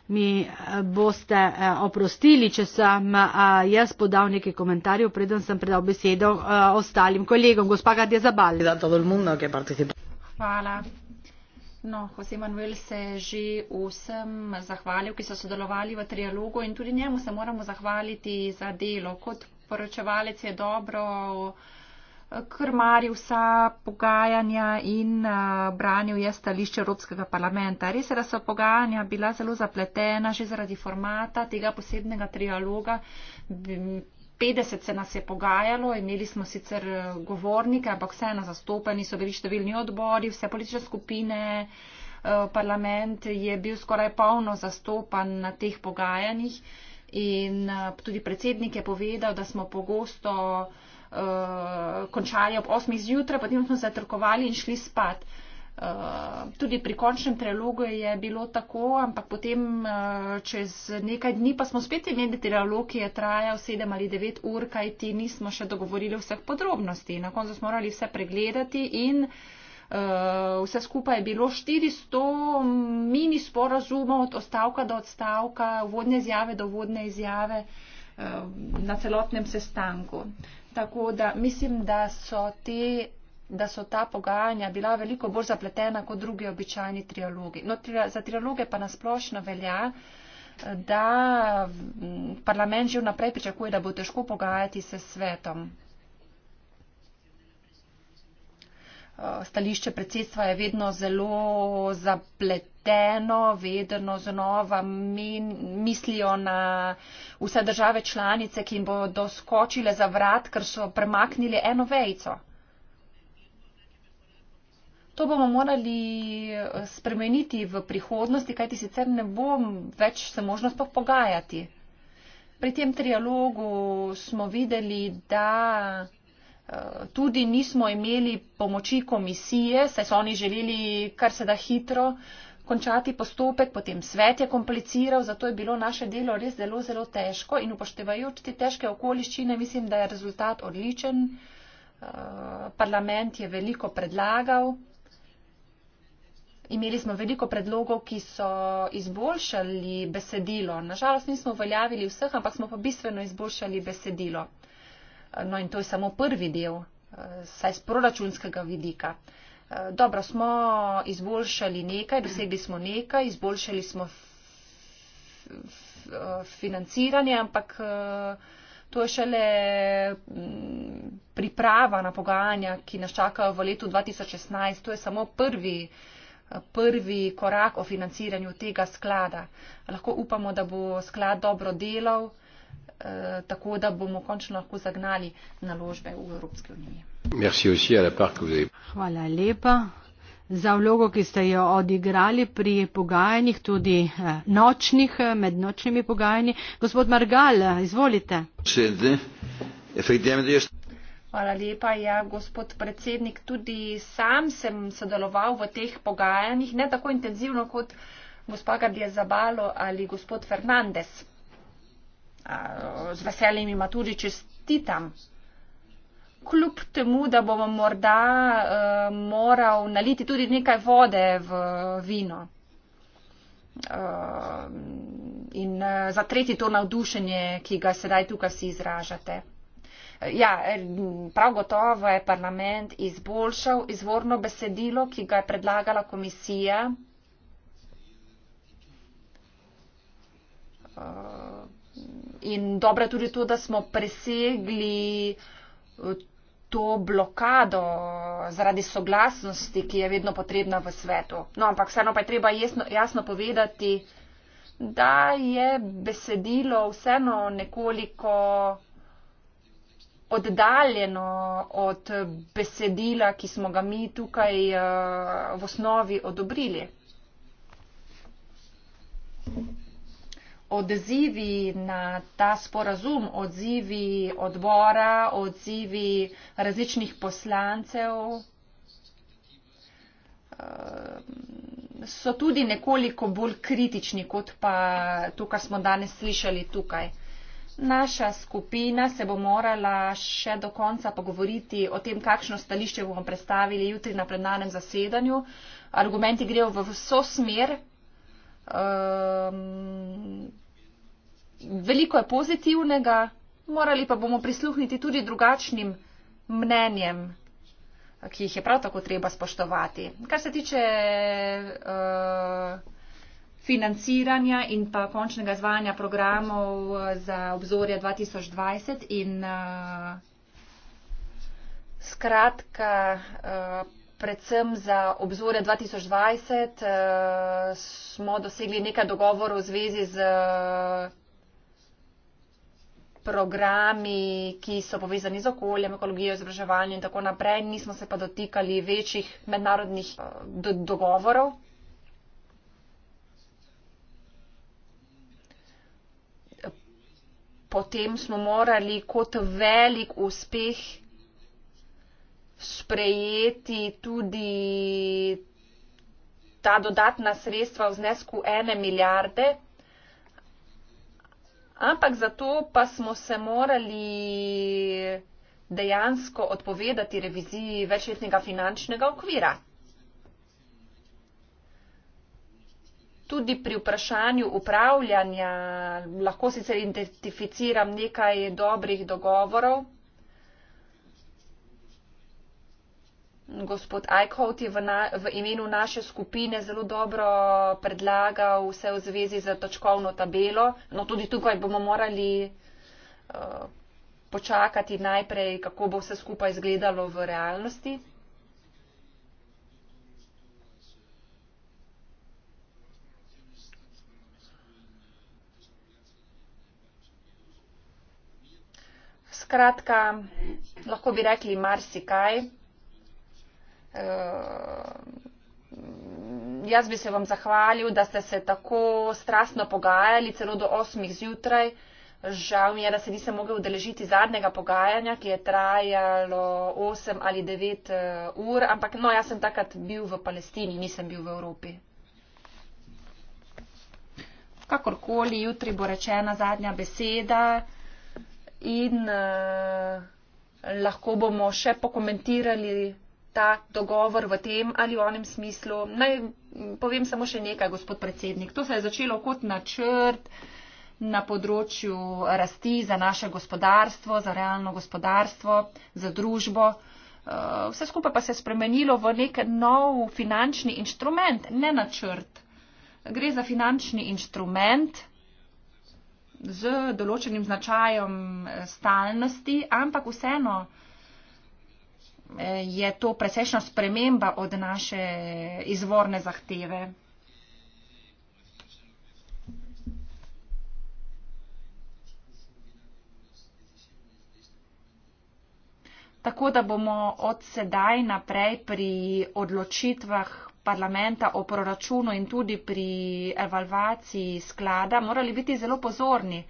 Speaker 1: Mi eh, boste eh, oprostili, če sem eh, jaz podal nekaj komentarjev, preden sem predal besedo ostalim kolegom. Gospa Gardija Zabal.
Speaker 3: Hvala. No, Jose Manuel se je že vsem zahvalil, ki so sodelovali v trialogu in tudi njemu se moramo zahvaliti za delo. Kot poročevalec je dobro krmaril vsa pogajanja in eh, branil je stališče Evropskega parlamenta. Res je, da so pogajanja bila zelo zapletena že zaradi formata tega posebnega trialoga. 50 se nas je pogajalo, imeli smo sicer eh, govornike, ampak vseeno zastopani so bili številni odbori, vse politične skupine, eh, parlament je bil skoraj polno zastopan na teh pogajanjih in eh, tudi predsednik je povedal, da smo pogosto uh, končali ob 8. zjutraj, potem smo zatrkovali in šli spat. Uh, tudi pri končnem trilogu je bilo tako, ampak potem uh, čez nekaj dni pa smo spet imeli trilog, ki je trajal 7 ali 9 ur, kaj ti nismo še dogovorili vseh podrobnosti. Na koncu smo morali vse pregledati in uh, Eh, vse skupaj je bilo 400 mini sporazumov od odstavka do odstavka, vodne izjave do vodne izjave eh, na celotnem sestanku. Tako da mislim, da so, te, da so ta pogajanja bila veliko bolj zapletena kot drugi običajni trialogi. No, za trialoge pa nasplošno velja, eh, da mm, parlament že vnaprej pričakuje, da bo težko pogajati se svetom. stališče predsedstva je vedno zelo zapleteno, vedno znova men, mislijo na vse države članice, ki jim bodo skočile za vrat, ker so premaknili eno vejco. To bomo morali eh, spremeniti v prihodnosti, kajti sicer ne bo več se možnost pogajati. Pri tem trialogu smo videli, da tudi nismo imeli pomoči komisije, saj so oni želeli kar se da hitro končati postopek, potem svet je kompliciral, zato je bilo naše delo res zelo, zelo težko in upoštevajoč te težke okoliščine mislim, da je rezultat odličen. Eh, parlament je veliko predlagal. Imeli smo veliko predlogov, ki so izboljšali besedilo. Nažalost nismo uveljavili vseh, ampak smo pa bistveno izboljšali besedilo. No in to je samo prvi del, eh, saj z proračunskega vidika. Eh, dobro, smo izboljšali nekaj, dosegli smo nekaj, izboljšali smo eh, financiranje, ampak to je šele mm, priprava na pogajanja, ki nas čakajo v letu 2016. To je samo prvi, prvi korak o financiranju tega sklada. Lahko upamo, da bo sklad dobro delal. Eh, tako da bomo končno lahko zagnali naložbe v Evropski
Speaker 2: uniji.
Speaker 1: Hvala lepa za vlogo, ki ste jo odigrali pri pogajanjih, tudi eh, nočnih, eh, med nočnimi pogajanji. Gospod Margal, izvolite.
Speaker 3: Hvala lepa, ja, gospod predsednik. Tudi sam sem sodeloval v teh pogajanjih, ne tako intenzivno kot gospod Gardia Zabalo ali gospod Fernandez. Eh, z veseljem jima tudi čestitam. Kljub temu, da bomo morda uh, moral naliti tudi nekaj vode v vino uh, in uh, zatreti to navdušenje, ki ga sedaj tukaj vsi izražate. Uh, ja, er, prav gotovo je parlament izboljšal izvorno besedilo, ki ga je predlagala komisija. Uh, in dobro je tudi to, da smo presegli eh, to blokado zaradi soglasnosti, ki je vedno potrebna v svetu. No, ampak vseeno pa je treba jasno, jasno povedati, da je besedilo vseeno nekoliko oddaljeno od besedila, ki smo ga mi tukaj eh, v osnovi odobrili. odzivi na ta sporazum, odzivi odbora, odzivi različnih poslancev so tudi nekoliko bolj kritični, kot pa to, kar smo danes slišali tukaj. Naša skupina se bo morala še do konca pogovoriti o tem, kakšno stališče bomo predstavili jutri na plenarnem zasedanju. Argumenti grejo v vso smer, Um, veliko je pozitivnega, morali pa bomo prisluhniti tudi drugačnim mnenjem, ki jih je prav tako treba spoštovati. Kar se tiče uh, financiranja in pa končnega zvanja programov uh, za obzorje 2020 in uh, skratka. Uh, predvsem za obzore 2020 eh, smo dosegli nekaj dogovorov v zvezi z eh, programi, ki so povezani z okoljem, ekologijo, izobraževanjem in tako naprej. Nismo se pa dotikali večjih mednarodnih eh, dogovorov. Potem smo morali kot velik uspeh sprejeti tudi ta dodatna sredstva v znesku ene milijarde. Ampak zato pa smo se morali dejansko odpovedati reviziji večletnega finančnega okvira. Tudi pri vprašanju upravljanja lahko sicer identificiram nekaj dobrih dogovorov. gospod Eichhout je v, na, v imenu naše skupine zelo dobro predlagal vse v zvezi z točkovno tabelo. No, tudi tukaj bomo morali uh, počakati najprej, kako bo vse skupaj izgledalo v realnosti. Skratka, lahko bi rekli marsikaj. Eh, jaz bi se vam zahvalil, da ste se tako strastno pogajali, celo do 8. zjutraj. Žal mi je, da se nisem mogel udeležiti zadnjega pogajanja, ki je trajalo 8 ali 9 eh, ur, ampak no, jaz sem takrat bil v Palestini, nisem bil v Evropi. Kakorkoli, jutri bo rečena zadnja beseda in uh, lahko bomo še pokomentirali ta dogovor v tem ali onem smislu. Naj povem samo še nekaj, gospod predsednik. To se je začelo kot načrt na področju rasti za naše gospodarstvo, za realno gospodarstvo, za družbo. Eh, vse skupaj pa se je spremenilo v nek nov finančni inštrument, ne načrt. Gre za finančni inštrument z določenim značajem eh, stalnosti, ampak vseeno Eh, je to presečna sprememba od naše izvorne zahteve. Tako da bomo od sedaj naprej pri odločitvah parlamenta o proračunu in tudi pri evalvaciji sklada morali biti zelo pozorni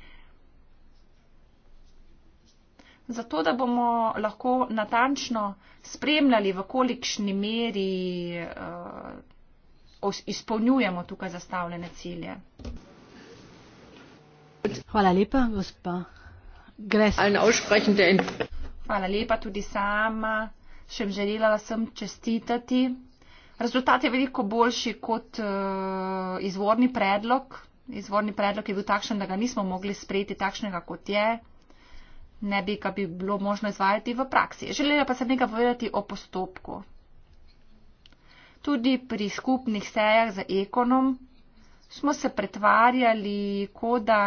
Speaker 3: zato da bomo lahko natančno spremljali, v kolikšni meri uh, izpolnjujemo tukaj zastavljene cilje.
Speaker 1: Hvala lepa, gospa Gres.
Speaker 3: Hvala lepa tudi sama. Še želela sem čestitati. Rezultat je veliko boljši kot uh, izvorni predlog. Izvorni predlog je bil takšen, da ga nismo mogli sprejeti takšnega, kot je ne bi ga bi bilo možno izvajati v praksi. Želela pa sem nekaj povedati o postopku. Tudi pri skupnih sejah za ekonom smo se pretvarjali, ko da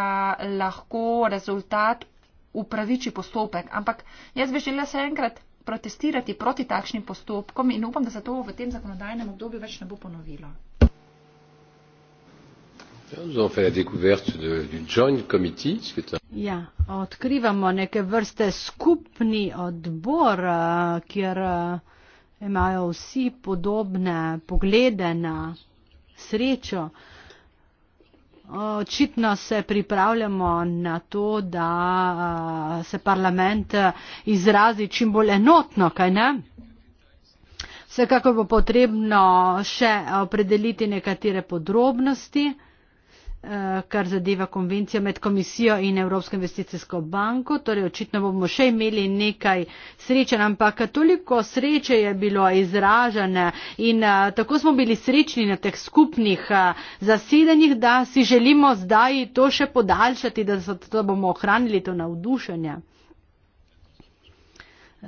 Speaker 3: lahko rezultat upraviči postopek, ampak jaz bi želela se enkrat protestirati proti takšnim postopkom in upam, da se to v tem zakonodajnem obdobju več ne bo ponovilo.
Speaker 2: Nous avons fait la découverte d'une joint committee, ce qui est un... Ja,
Speaker 1: odkrivamo neke vrste skupni odbor, eh, kjer eh, imajo vsi podobne poglede na srečo. Očitno se pripravljamo na to, da eh, se parlament izrazi čim bolj enotno, kaj ne? Vsekakor bo potrebno še opredeliti nekatere podrobnosti. Eh, kar zadeva konvencijo med komisijo in Evropsko investicijsko banko. Torej, očitno bomo še imeli nekaj sreče, ampak toliko sreče je bilo izražene in eh, tako smo bili srečni na teh skupnih eh, zasedanjih, da si želimo zdaj to še podaljšati, da zato bomo ohranili to navdušenje.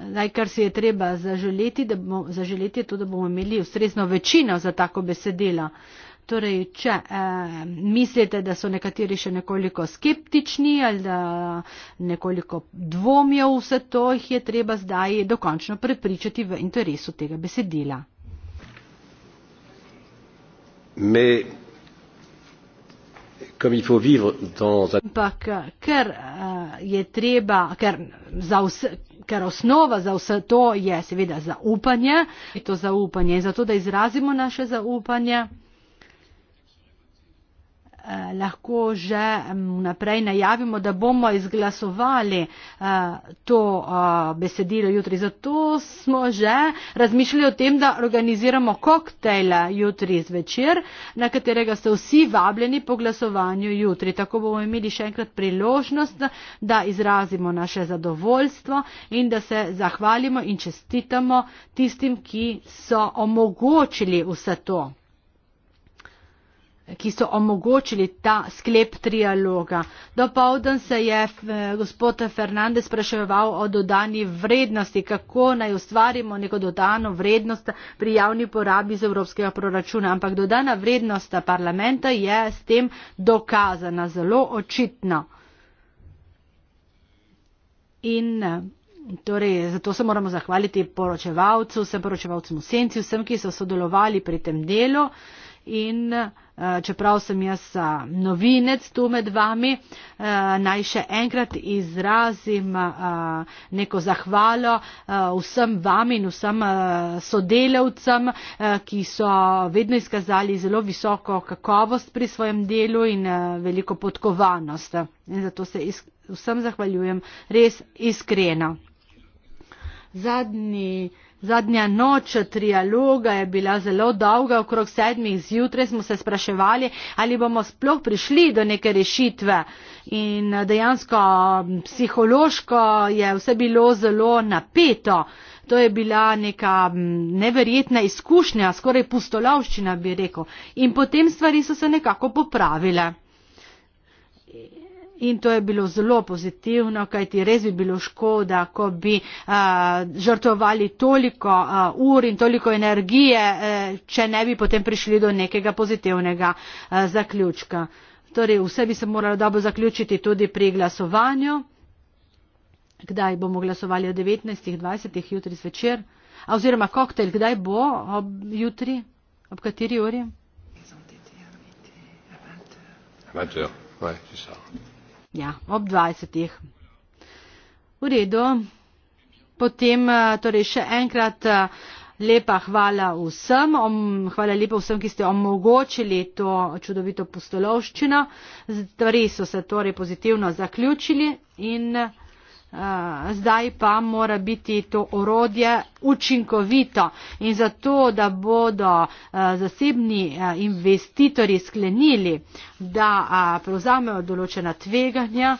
Speaker 1: Zdaj, kar si je treba zaželeti, da bomo, zaželeti je to, da bomo imeli ustrezno večino za tako besedilo. Torej, če eh, mislite, da so nekateri še nekoliko skeptični ali da nekoliko dvomijo vse to, jih je treba zdaj dokončno prepričati v interesu tega besedila.
Speaker 2: Me... Ampak
Speaker 1: eh, ker eh, je treba, ker, vse, ker osnova za vse to je seveda zaupanje, je to zaupanje in zato, da izrazimo naše zaupanje. Eh, lahko že naprej najavimo, da bomo izglasovali eh, to eh, besedilo jutri. Zato smo že razmišljali o tem, da organiziramo koktejle jutri zvečer, na katerega ste vsi vabljeni po glasovanju jutri. Tako bomo imeli še enkrat priložnost, da izrazimo naše zadovoljstvo in da se zahvalimo in čestitamo tistim, ki so omogočili vse to ki so omogočili ta sklep trialoga. Dopovdan se je eh, gospod Fernandez spraševal o dodani vrednosti, kako naj ustvarimo neko dodano vrednost pri javni porabi z evropskega proračuna, ampak dodana vrednost parlamenta je s tem dokazana zelo očitno. In eh, torej, zato se moramo zahvaliti poročevalcu, vsem poročevalcem v senci, vsem, ki so sodelovali pri tem delu in eh, čeprav sem jaz eh, novinec tu med vami, eh, naj še enkrat izrazim neko zahvalo vsem vam in vsem sodelavcem, ki so vedno izkazali zelo visoko kakovost pri svojem delu in veliko podkovanost. In zato se vsem zahvaljujem res iskreno. Zadnji Zadnja noč trialoga je bila zelo dolga, okrog sedmih zjutraj smo se spraševali, ali bomo sploh prišli do neke rešitve. In eh, dejansko psihološko je vse bilo zelo napeto. To je bila neka mm, neverjetna izkušnja, skoraj pustolovščina bi rekel. In potem stvari so se nekako popravile in to je bilo zelo pozitivno, kajti res bi bilo škoda, ko bi a, žrtovali toliko a, ur in toliko energije, a, e, če ne bi potem prišli do nekega pozitivnega a, zaključka. Torej, vse bi se moralo dobro zaključiti tudi pri glasovanju. Kdaj bomo glasovali o 19.20. jutri zvečer? A, oziroma koktejl, kdaj bo ob jutri? Ob kateri uri?
Speaker 2: 20 heures, ouais, c'est ça. Ja, ob 20.
Speaker 1: V redu. Potem eh, torej še enkrat eh, lepa hvala vsem, hvala lepa vsem, ki ste omogočili to čudovito postolovščino. Stvari so se torej pozitivno zaključili in zdaj pa mora biti to orodje učinkovito in zato, da bodo zasebni investitorji sklenili, da prevzamejo določena tveganja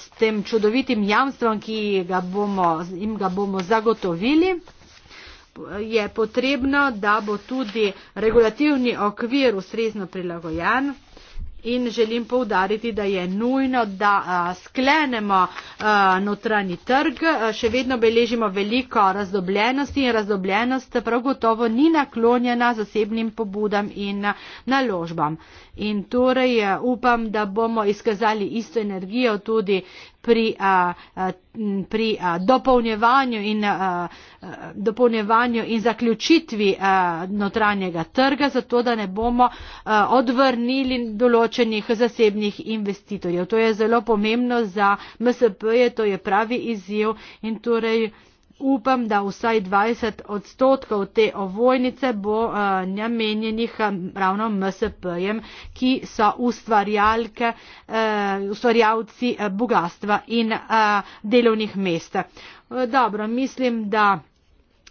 Speaker 1: s tem čudovitim jamstvom, ki ga bomo, jim ga bomo zagotovili je potrebno, da bo tudi regulativni okvir ustrezno prilagojen in želim povdariti, da je nujno, da sklenemo notranji trg. Še vedno beležimo veliko razdobljenosti in razdobljenost prav gotovo ni naklonjena zasebnim pobudam in naložbam. In torej eh, upam, da bomo izkazali isto energijo tudi pri, a, eh, a, eh, pri a, dopolnjevanju, in, a, a, dopolnjevanju in zaključitvi a, notranjega trga, zato da ne bomo a, odvrnili določenih zasebnih investitorjev. To je zelo pomembno za MSP, je, to je pravi izziv in torej upam, da vsaj 20 odstotkov te ovojnice bo uh, namenjenih eh, ravno MSP-jem, ki so ustvarjalke, uh, ustvarjalci uh, bogatstva in uh, delovnih mest. Uh, dobro, mislim, da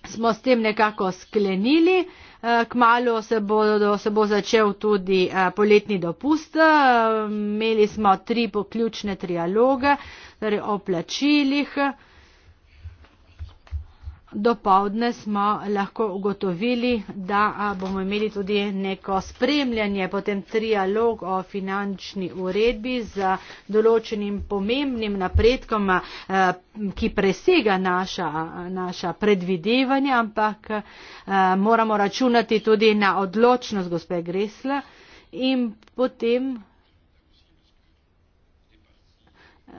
Speaker 1: smo s tem nekako sklenili. Kmalo se bo, se bo začel tudi poletni dopust. Imeli smo tri poključne trialoge, torej o plačilih. Dopovdne smo lahko ugotovili, da bomo imeli tudi neko spremljanje, potem trialog o finančni uredbi z določenim pomembnim napredkom, ki presega naša, naša predvidevanja, ampak moramo računati tudi na odločnost gospe Gresla in potem.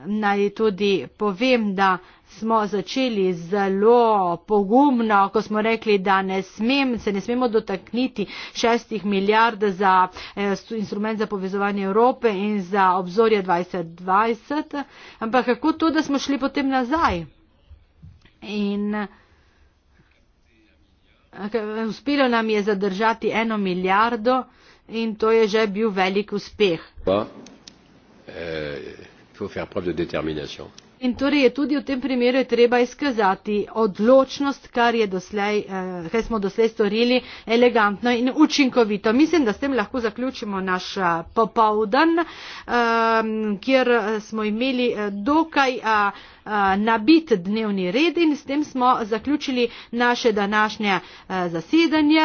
Speaker 1: Naj tudi povem, da smo začeli zelo pogumno, ko smo rekli, da ne smem, se ne smemo dotakniti šestih milijard za eh, instrument za povezovanje Evrope in za obzorje 2020, ampak kako to, da smo šli potem nazaj. In eh, uspelo nam je zadržati eno milijardo in to je že bil velik uspeh.
Speaker 2: Pa, eh,
Speaker 1: In torej je tudi v tem primeru treba izkazati odločnost, kar, doslej, eh, kar smo doslej storili, elegantno in učinkovito. Mislim, da s tem lahko zaključimo naš eh, popovdan, eh, kjer smo imeli eh, dokaj. Eh, nabit dnevni red in s tem smo zaključili naše današnje zasedanje.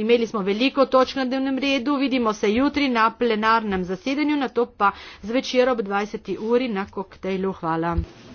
Speaker 1: Imeli smo veliko točk na dnevnem redu, vidimo se jutri na plenarnem zasedanju, na to pa zvečer ob 20. uri na koktejlu. Hvala.